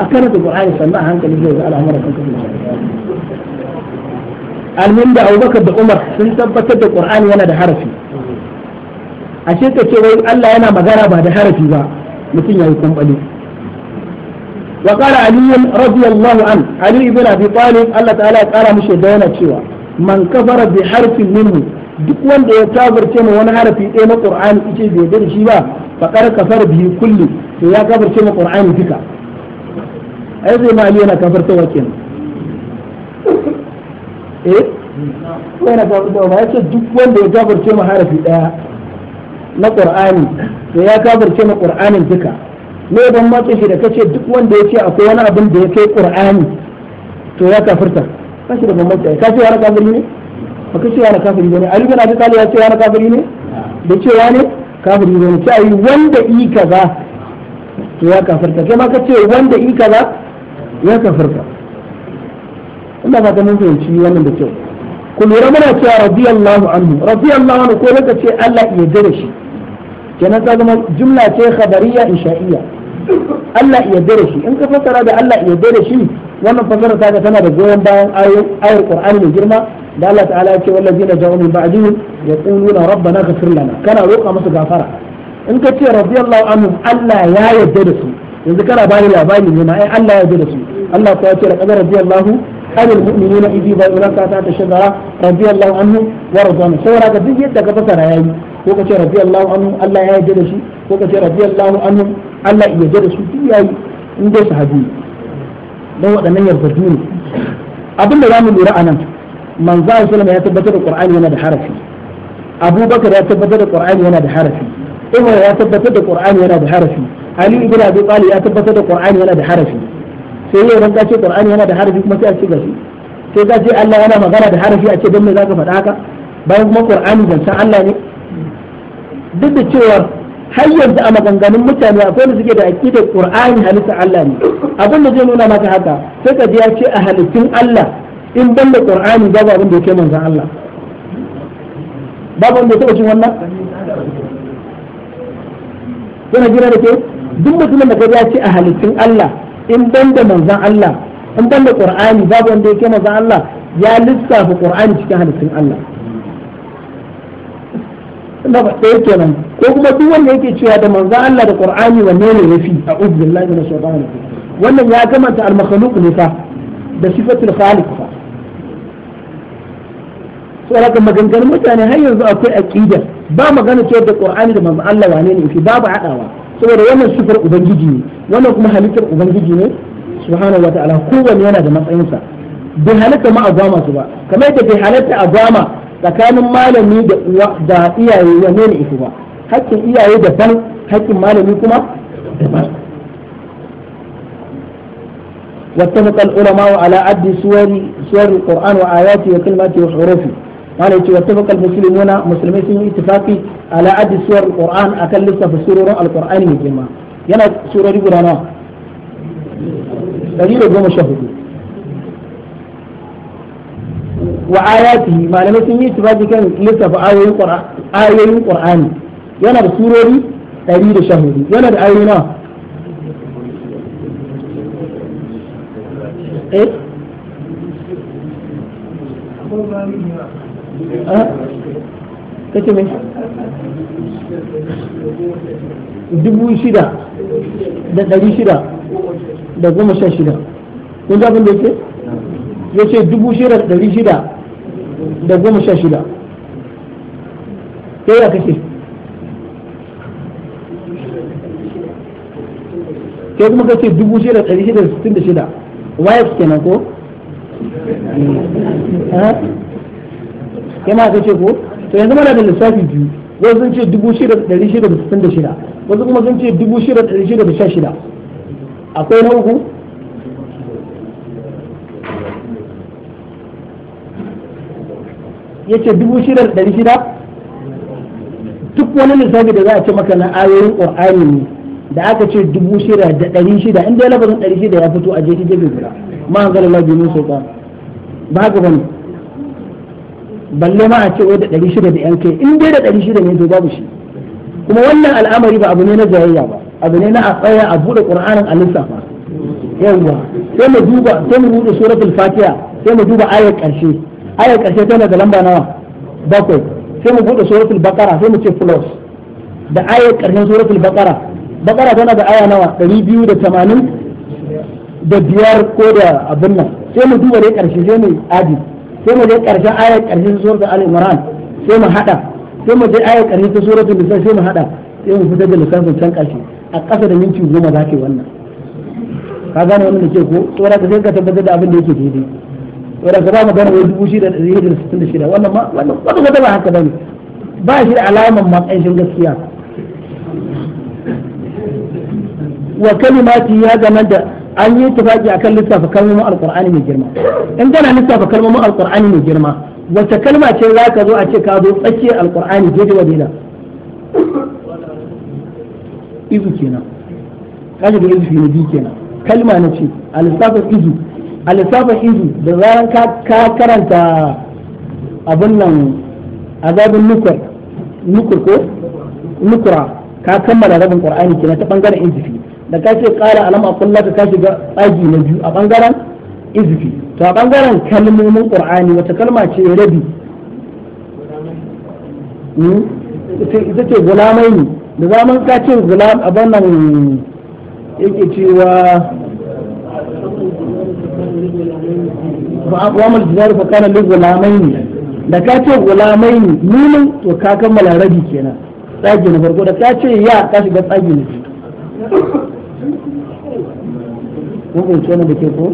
a karanta qur'ani sannan a hankali zai ga al'amuran kanka almin da abubakar da umar sun tabbatar da qur'ani yana da harafi ashe ka ce wai Allah yana magana ba da harafi ba mutum yayi kumbali وقال علي رضي الله عنه علي بن ابي طالب الله تعالى قال مش دانا cewa man kafara bi harfin minhu duk wanda ya kafirce mu wani harafi ɗaya na qur'ani yace bai yarda shi ba fa kar kafar bihi kulli to ya kafirce mu qur'ani duka ai sai mali yana kafirta wa kenan eh ko yana kafirta ba yace duk wanda ya kafirce mu harafi ɗaya na qur'ani to ya kafirce mu qur'anin duka me ban matse shi da kace duk wanda ya ce akwai wani abin da ya kai qur'ani to ya kafirta kashi da ban mace ka ce wani kafiri ne ba ce wani kafiri ne? ali bin abi talib ya ce wani kafiri ne da cewa ne kafiri ne ce ai wanda i kaza to ya kafirta kai ma kace wanda i kaza ya kafirta ina ta mun fahimci wannan da kyau ku lura muna cewa radiyallahu anhu radiyallahu anhu ko kace Allah ya gare shi kenan ta zama jumla ce khabariya insha'iyya Allah ya dare shi in ka fassara da Allah ya dare shi wannan fassara ta tana da goyon bayan ayar Qur'ani mai girma da Allah ta'ala ya ce wallazina ja'u min ba'dihim yaquluna rabbana ghfir lana kana roƙa musu gafara in ka ce radiyallahu anhu Allah ya yarda da su yanzu kana bani labari ne ma ai Allah ya yarda da su Allah ta ya ce laqad radiyallahu عن المؤمنين إذ يبايعونك تحت الشجرة رضي الله عنهم ورضوانه سورة ka يدك ya yi. ko ka ce rabbi radiyallahu anhu Allah ya yarda da shi ko ka ce rabbi radiyallahu anhu Allah ya yarda da su duk yayi in dai sahabi dan waɗannan yarda ne abin da zamu lura anan manzo sallallahu ya tabbatar da qur'ani yana da harafi abubakar ya tabbatar da qur'ani yana da harafi umar ya tabbatar da qur'ani yana da harafi ali ibn abi talib ya tabbatar da qur'ani yana da harafi sai yau ranka ce qur'ani yana da harafi kuma sai a ci gashi sai ka ce Allah yana magana da harafi a ce don me zaka faɗa haka bayan kuma qur'ani zan san Allah ne duk da cewa har yanzu a maganganun mutane akwai da suke da aƙida qur'ani halitta Allah ne abin da zai nuna maka haka sai ka ya ce a halittun Allah in ban da qur'ani babu abin da yake manzon Allah babu wanda ya taba cin wannan kuna jira da ke duk mutumin da ka ya ce a halittun Allah in ban da manzon Allah in ban da qur'ani babu wanda yake manzon Allah ya lissafa qur'ani cikin halittun Allah ba ɗaya kenan ko kuma duk wanda yake cewa da manzan Allah da Qur'ani wanne ne yafi a ubillahi min shaytan wannan ya gamanta al-makhluq ne fa da sifatul khaliq fa saboda maganganun mutane har yanzu akwai aqida ba magana ce da Qur'ani da manzan Allah wanne ne yafi babu hadawa saboda wannan sifar ubangiji ne wannan kuma halittar ubangiji ne subhanahu wataala kowanne yana da matsayinsa bai halitta ma a gwama su ba kamar yadda bai halitta a gwama tsakanin malami da uwa da iyaye wa ne ne ita ba hakkin iyaye da ban hakkin malami kuma wata mutal ulama wa ala addi suwari suwari qur'an wa ayati wa kalmati wa hurufi mana yace wata mutal muslimuna musulmai sun yi ittifaqi ala addi suwari qur'an akan lissafa surorin alqur'ani ne kuma yana surori guda nawa 114 wa ayatihi malamai sun yi tufafi kan lissafa ayoyin qur'ani yana da surori 114 yana da ayoyi na eh ah? kace me dubu shida da ɗari shida da goma sha shida kun ji abin da yake ya dubu shida da ɗari shida da goma sha shida Ke ya kake Ke kuma kace dubu shida ɗari shida da sittin da shida wife kenan ko ma kace ko to yanzu mana da lissafi biyu wasu sun ce dubu shida ɗari shida da sittin da shida wasu kuma sun ce dubu shida ɗari shida da sha shida akwai na uku ya ce dubu shida da ɗari shida duk wani lissafi da za a ce maka na ayoyin ƙur'ani ne da aka ce dubu shida da ɗari shida in dai labarin ɗari shida ya fito a je ta gefe guda ma an zala labi musu ba ba haka bane balle ma a ce wai da ɗari shida da yan kai in dai da ɗari shida ne to babu shi kuma wannan al'amari ba abu ne na jayayya ba abu ne na a tsaya a buɗe ƙur'anin a lissafa yawwa sai mu duba sai mu buɗe suratul fatiha sai mu duba ayar ƙarshe ayar karshe tana da lamba nawa bakwai sai mu buɗe suratul baqara sai mu ce plus da ayar karshen suratul baqara baqara tana da aya nawa ɗari biyu da tamanin da biyar ko da abin nan sai mu duba dai karshe sai mu aji sai mu je ƙarshe ayar karshen suratul al-imran sai mu hada sai mu je ayar ta suratul nisa sai mu hada sai mu fitar da lissafin can karshe a ƙasa da minti goma za ke wannan ka gane wannan da ke ko tsora ka sai ka tabbatar da abin da yake daidai ولا زمان بين وجود زيد الستين شيلة ولا ما ولا ولا هذا ما هكذا بني باش العلامة ما أنجم قصيا وكلماتي هذا مدى أن يتفاجأ كل لسه فكلمة ما القرآن من جرمة إن كان لسه فكلمة ما القرآن من جرمة وتكلم أشياء لا كذو أشياء كذو أشياء القرآن جد ودينا إذو كينا هذا بيجي في نجيكينا كلمة نفسي على سبب إذو a lissafin izu da zaran ka karanta abin nan azabin nukur nukur ko nukura ka kammala rabin qur'ani kenan ta bangaren izifi da ka ce qala alam aqul laka ka shiga tsagi na biyu a bangaren izifi to a bangaren kalmomin qur'ani wata kalma ce rabi hmm? ita ce gulamai ne da zaman ka ce gulam abin nan yake cewa fa aqwamal jidaru fa kana lil gulamaini da ka ce gulamaini nunin to ka kammala rabi kenan tsagi na farko da ka ce ya ka shiga tsagi na biyu kun ce da ke ko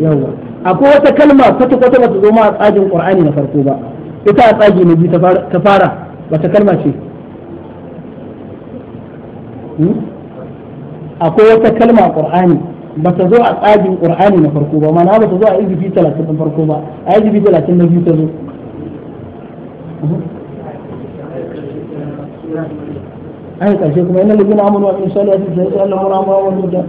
yawa akwai wata kalma kwata kwata bata zo ma a tsagin qur'ani na farko ba ita a tsagi na biyu ta fara wata kalma ce hmm? akwai wata kalma a qur'ani ba ta zo a tsagin qur'ani na farko ba mana ba ta zo a izifi 30 na farko ba a izifi 30 na biyu ta zo ai karshe kuma yana lubin amanu wa in salatu sai sai Allah mura ma wannan da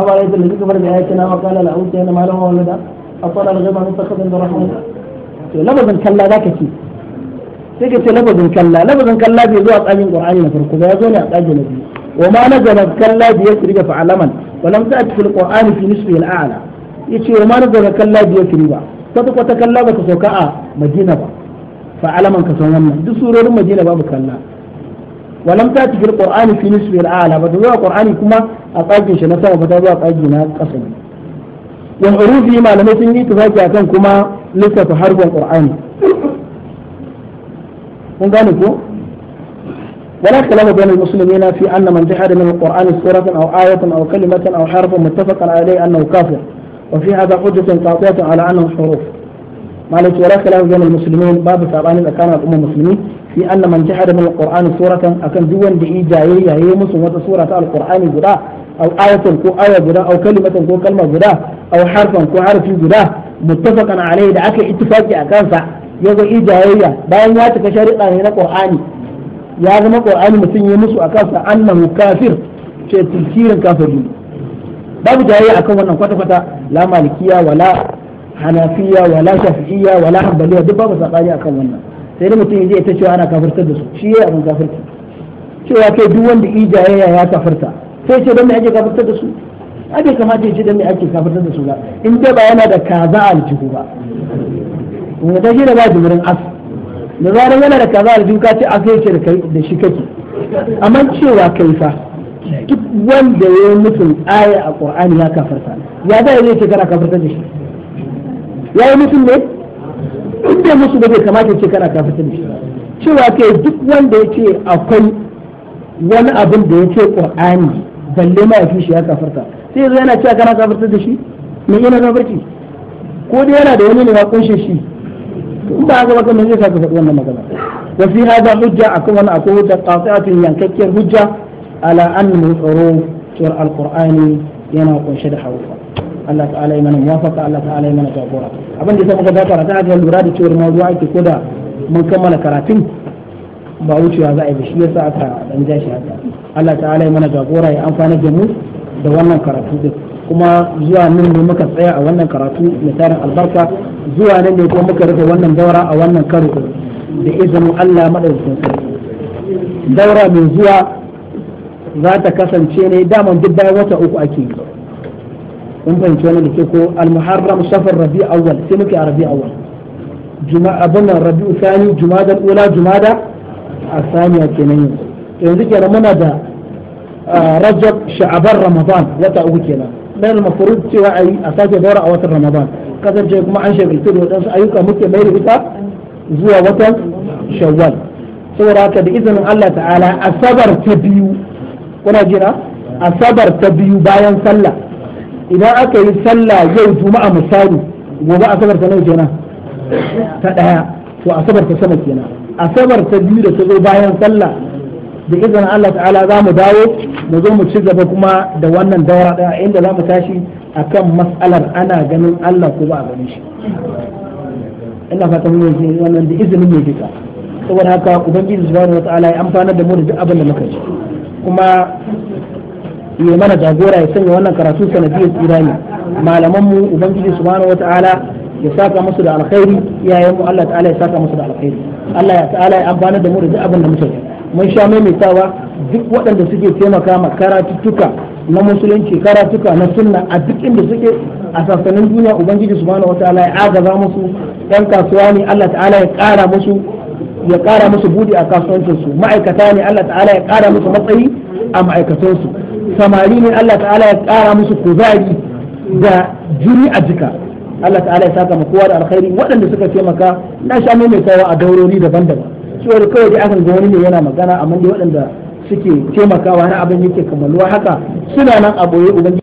aba ne da suka bar da ayati na makala la auta yana malam wannan da afala al-ghayba min takhadun bi rahmin to labazin kalla zaka ce sai ka ce labazin kalla labazin kalla bai zo a tsamin qur'ani na farko ba ya zo ne a tsamin na biyu وما نزل كلا بيسرق فعلما ولم تأت في القرآن في نصفه الأعلى يتي وما نزل كلا بيسرق صدق وتكلا بكسوكاء مدينة با فعلما كسونا دي سورة مدينة با بكلا ولم تأت في القرآن في نصفه الأعلى فتزوى القرآن كما أقاجي شنسا وفتزوى أقاجي ناس قصم والعروف ما لم يتنجي تفاجأ كما لسة حرب القرآن kun gane ولا خلاف بين المسلمين في أن من جحد من القرآن سورة أو آية أو كلمة أو حرف متفق عليه أنه كافر وفي هذا حجة قاطعة على أنه حروف مالك ولا خلاف بين المسلمين باب سابان إذا كان الأمة المسلمين في أن من جحد من القرآن سورة أكن دون بإي جاية هي مسلمة سورة القرآن جدا أو آية كو آية جدا أو كلمة كو كلمة جدا أو حرفا كو حرف جدا متفقا عليه دعك اتفاق أكانسا يقول إي جاية باين ياتك شريطا هنا قرآني ya zama qur'ani mutum ya musu akan sa annahu kafir ce tilkirin kafiri babu jayayya akan wannan kwata kwata la malikiya wala hanafiya wala shafi'iyya wala hanbaliya duk babu sabani akan wannan sai da mutum zai ta cewa ana kafirtar da su shi yayi abin kafirci cewa kai duk wanda ijayayya ya kafirta sai ce don me ake kafirtar da su ake kamata ya ce don me ake kafirtar da su ba in dai ba yana da kaza aljihu ba wanda shi da ba jibirin as da zarar yana da kaza da duka ce a sai ce da shi kake amma cewa kai fa duk wanda ya yi mutum aya a qur'ani ya kafarta ya da yake ce kana kafarta da shi ya yi mutum ne inda musu ba zai kamata ce kana kafarta da shi cewa kai duk wanda ya ce akwai wani abin da ya ce qur'ani balle ma ya fi shi ya kafarta sai yanzu yana cewa kana kafarta da shi me yana kafarci ko dai yana da wani ne ya kunshe shi in ba haka ba me zai saka faɗi wannan magana wa fi hada hujja akan wannan akwai hujja qati'atun yankakkiyar hujja ala annahu tsaro cewar alqur'ani yana kunshe da harufa Allah ta'ala ya mana muwafaqa Allah ta'ala ya mana jagora abin da yasa muka dakara ta haka lura da cewar mawdu'a ake koda mun kammala karatun ba wucewa za a yi shi yasa aka dan shi haka Allah ta'ala ya mana jagora ya amfana da mu da wannan karatu din kuma zuwa nan ne muka tsaya a wannan karatu mai tarin albarka zuwa nan ne kuma muka rufe wannan daura a wannan karo da izinin Allah madaukakin sarki daura mai zuwa za ta kasance ne daman duk bayan wata uku ake yi kun fahimci wani da ke ko al-muharram safar rabi awwal sai muke a rabi awwal juma'a bana rabi usani juma'a ula juma'a a saniya kenan yanzu yanzu kenan muna da ah, rajab sha'aban ramadan wata uku kenan bayar mafarud cewa a yi a sake daura a watan ramadan kasance kuma an shagaltu da waɗansu ayyuka muke mai rubuta zuwa watan shawwal saboda haka da izinin Allah ta'ala asabar ta biyu kuna jira asabar ta biyu bayan sallah idan aka yi sallah yau juma'a misali gobe asabar ta nawa kenan ta daya to asabar ta sama kenan asabar ta biyu da ta zo bayan sallah da izinin Allah ta'ala za mu dawo mu zo mu ci gaba kuma da wannan daura ɗaya inda za mu tashi akan mas'alar ana ganin Allah ko ba a gani shi ina fata mun yi wannan da izinin mai duka saboda haka ubangiji subhanahu wata'ala ya amfana da mu da duk abin da muka ci, kuma ya mana jagora ya sanya wannan karatu sanadiyar tsirani malaman mu ubangiji subhanahu wata'ala ya saka musu da alkhairi iyayen mu Allah ta'ala ya saka musu da alkhairi Allah ya ta'ala ya amfana da mu da duk abin da muka ci. mun sha maimaitawa duk waɗanda suke taimaka ma karatuttuka na musulunci karatuka na sunna a duk inda suke a sassanin duniya ubangiji subhanahu wataala ya agaza musu yan kasuwa ne Allah ta'ala ya ƙara musu ya musu budi a kasuwancinsu ma'aikata ne Allah ta'ala ya kara musu matsayi a ma'aikatansu samari ne Allah ta'ala ya kara musu kuzari da jini a jika Allah ta'ala ya saka ma kowa da alkhairi waɗanda suka taimaka na sha maimaitawa a daurori daban-daban cewar kawai dai aka ga wani ne yana magana amma dai waɗanda suke taimakawa na abin yake kammaluwa haka suna nan a boye ubangiji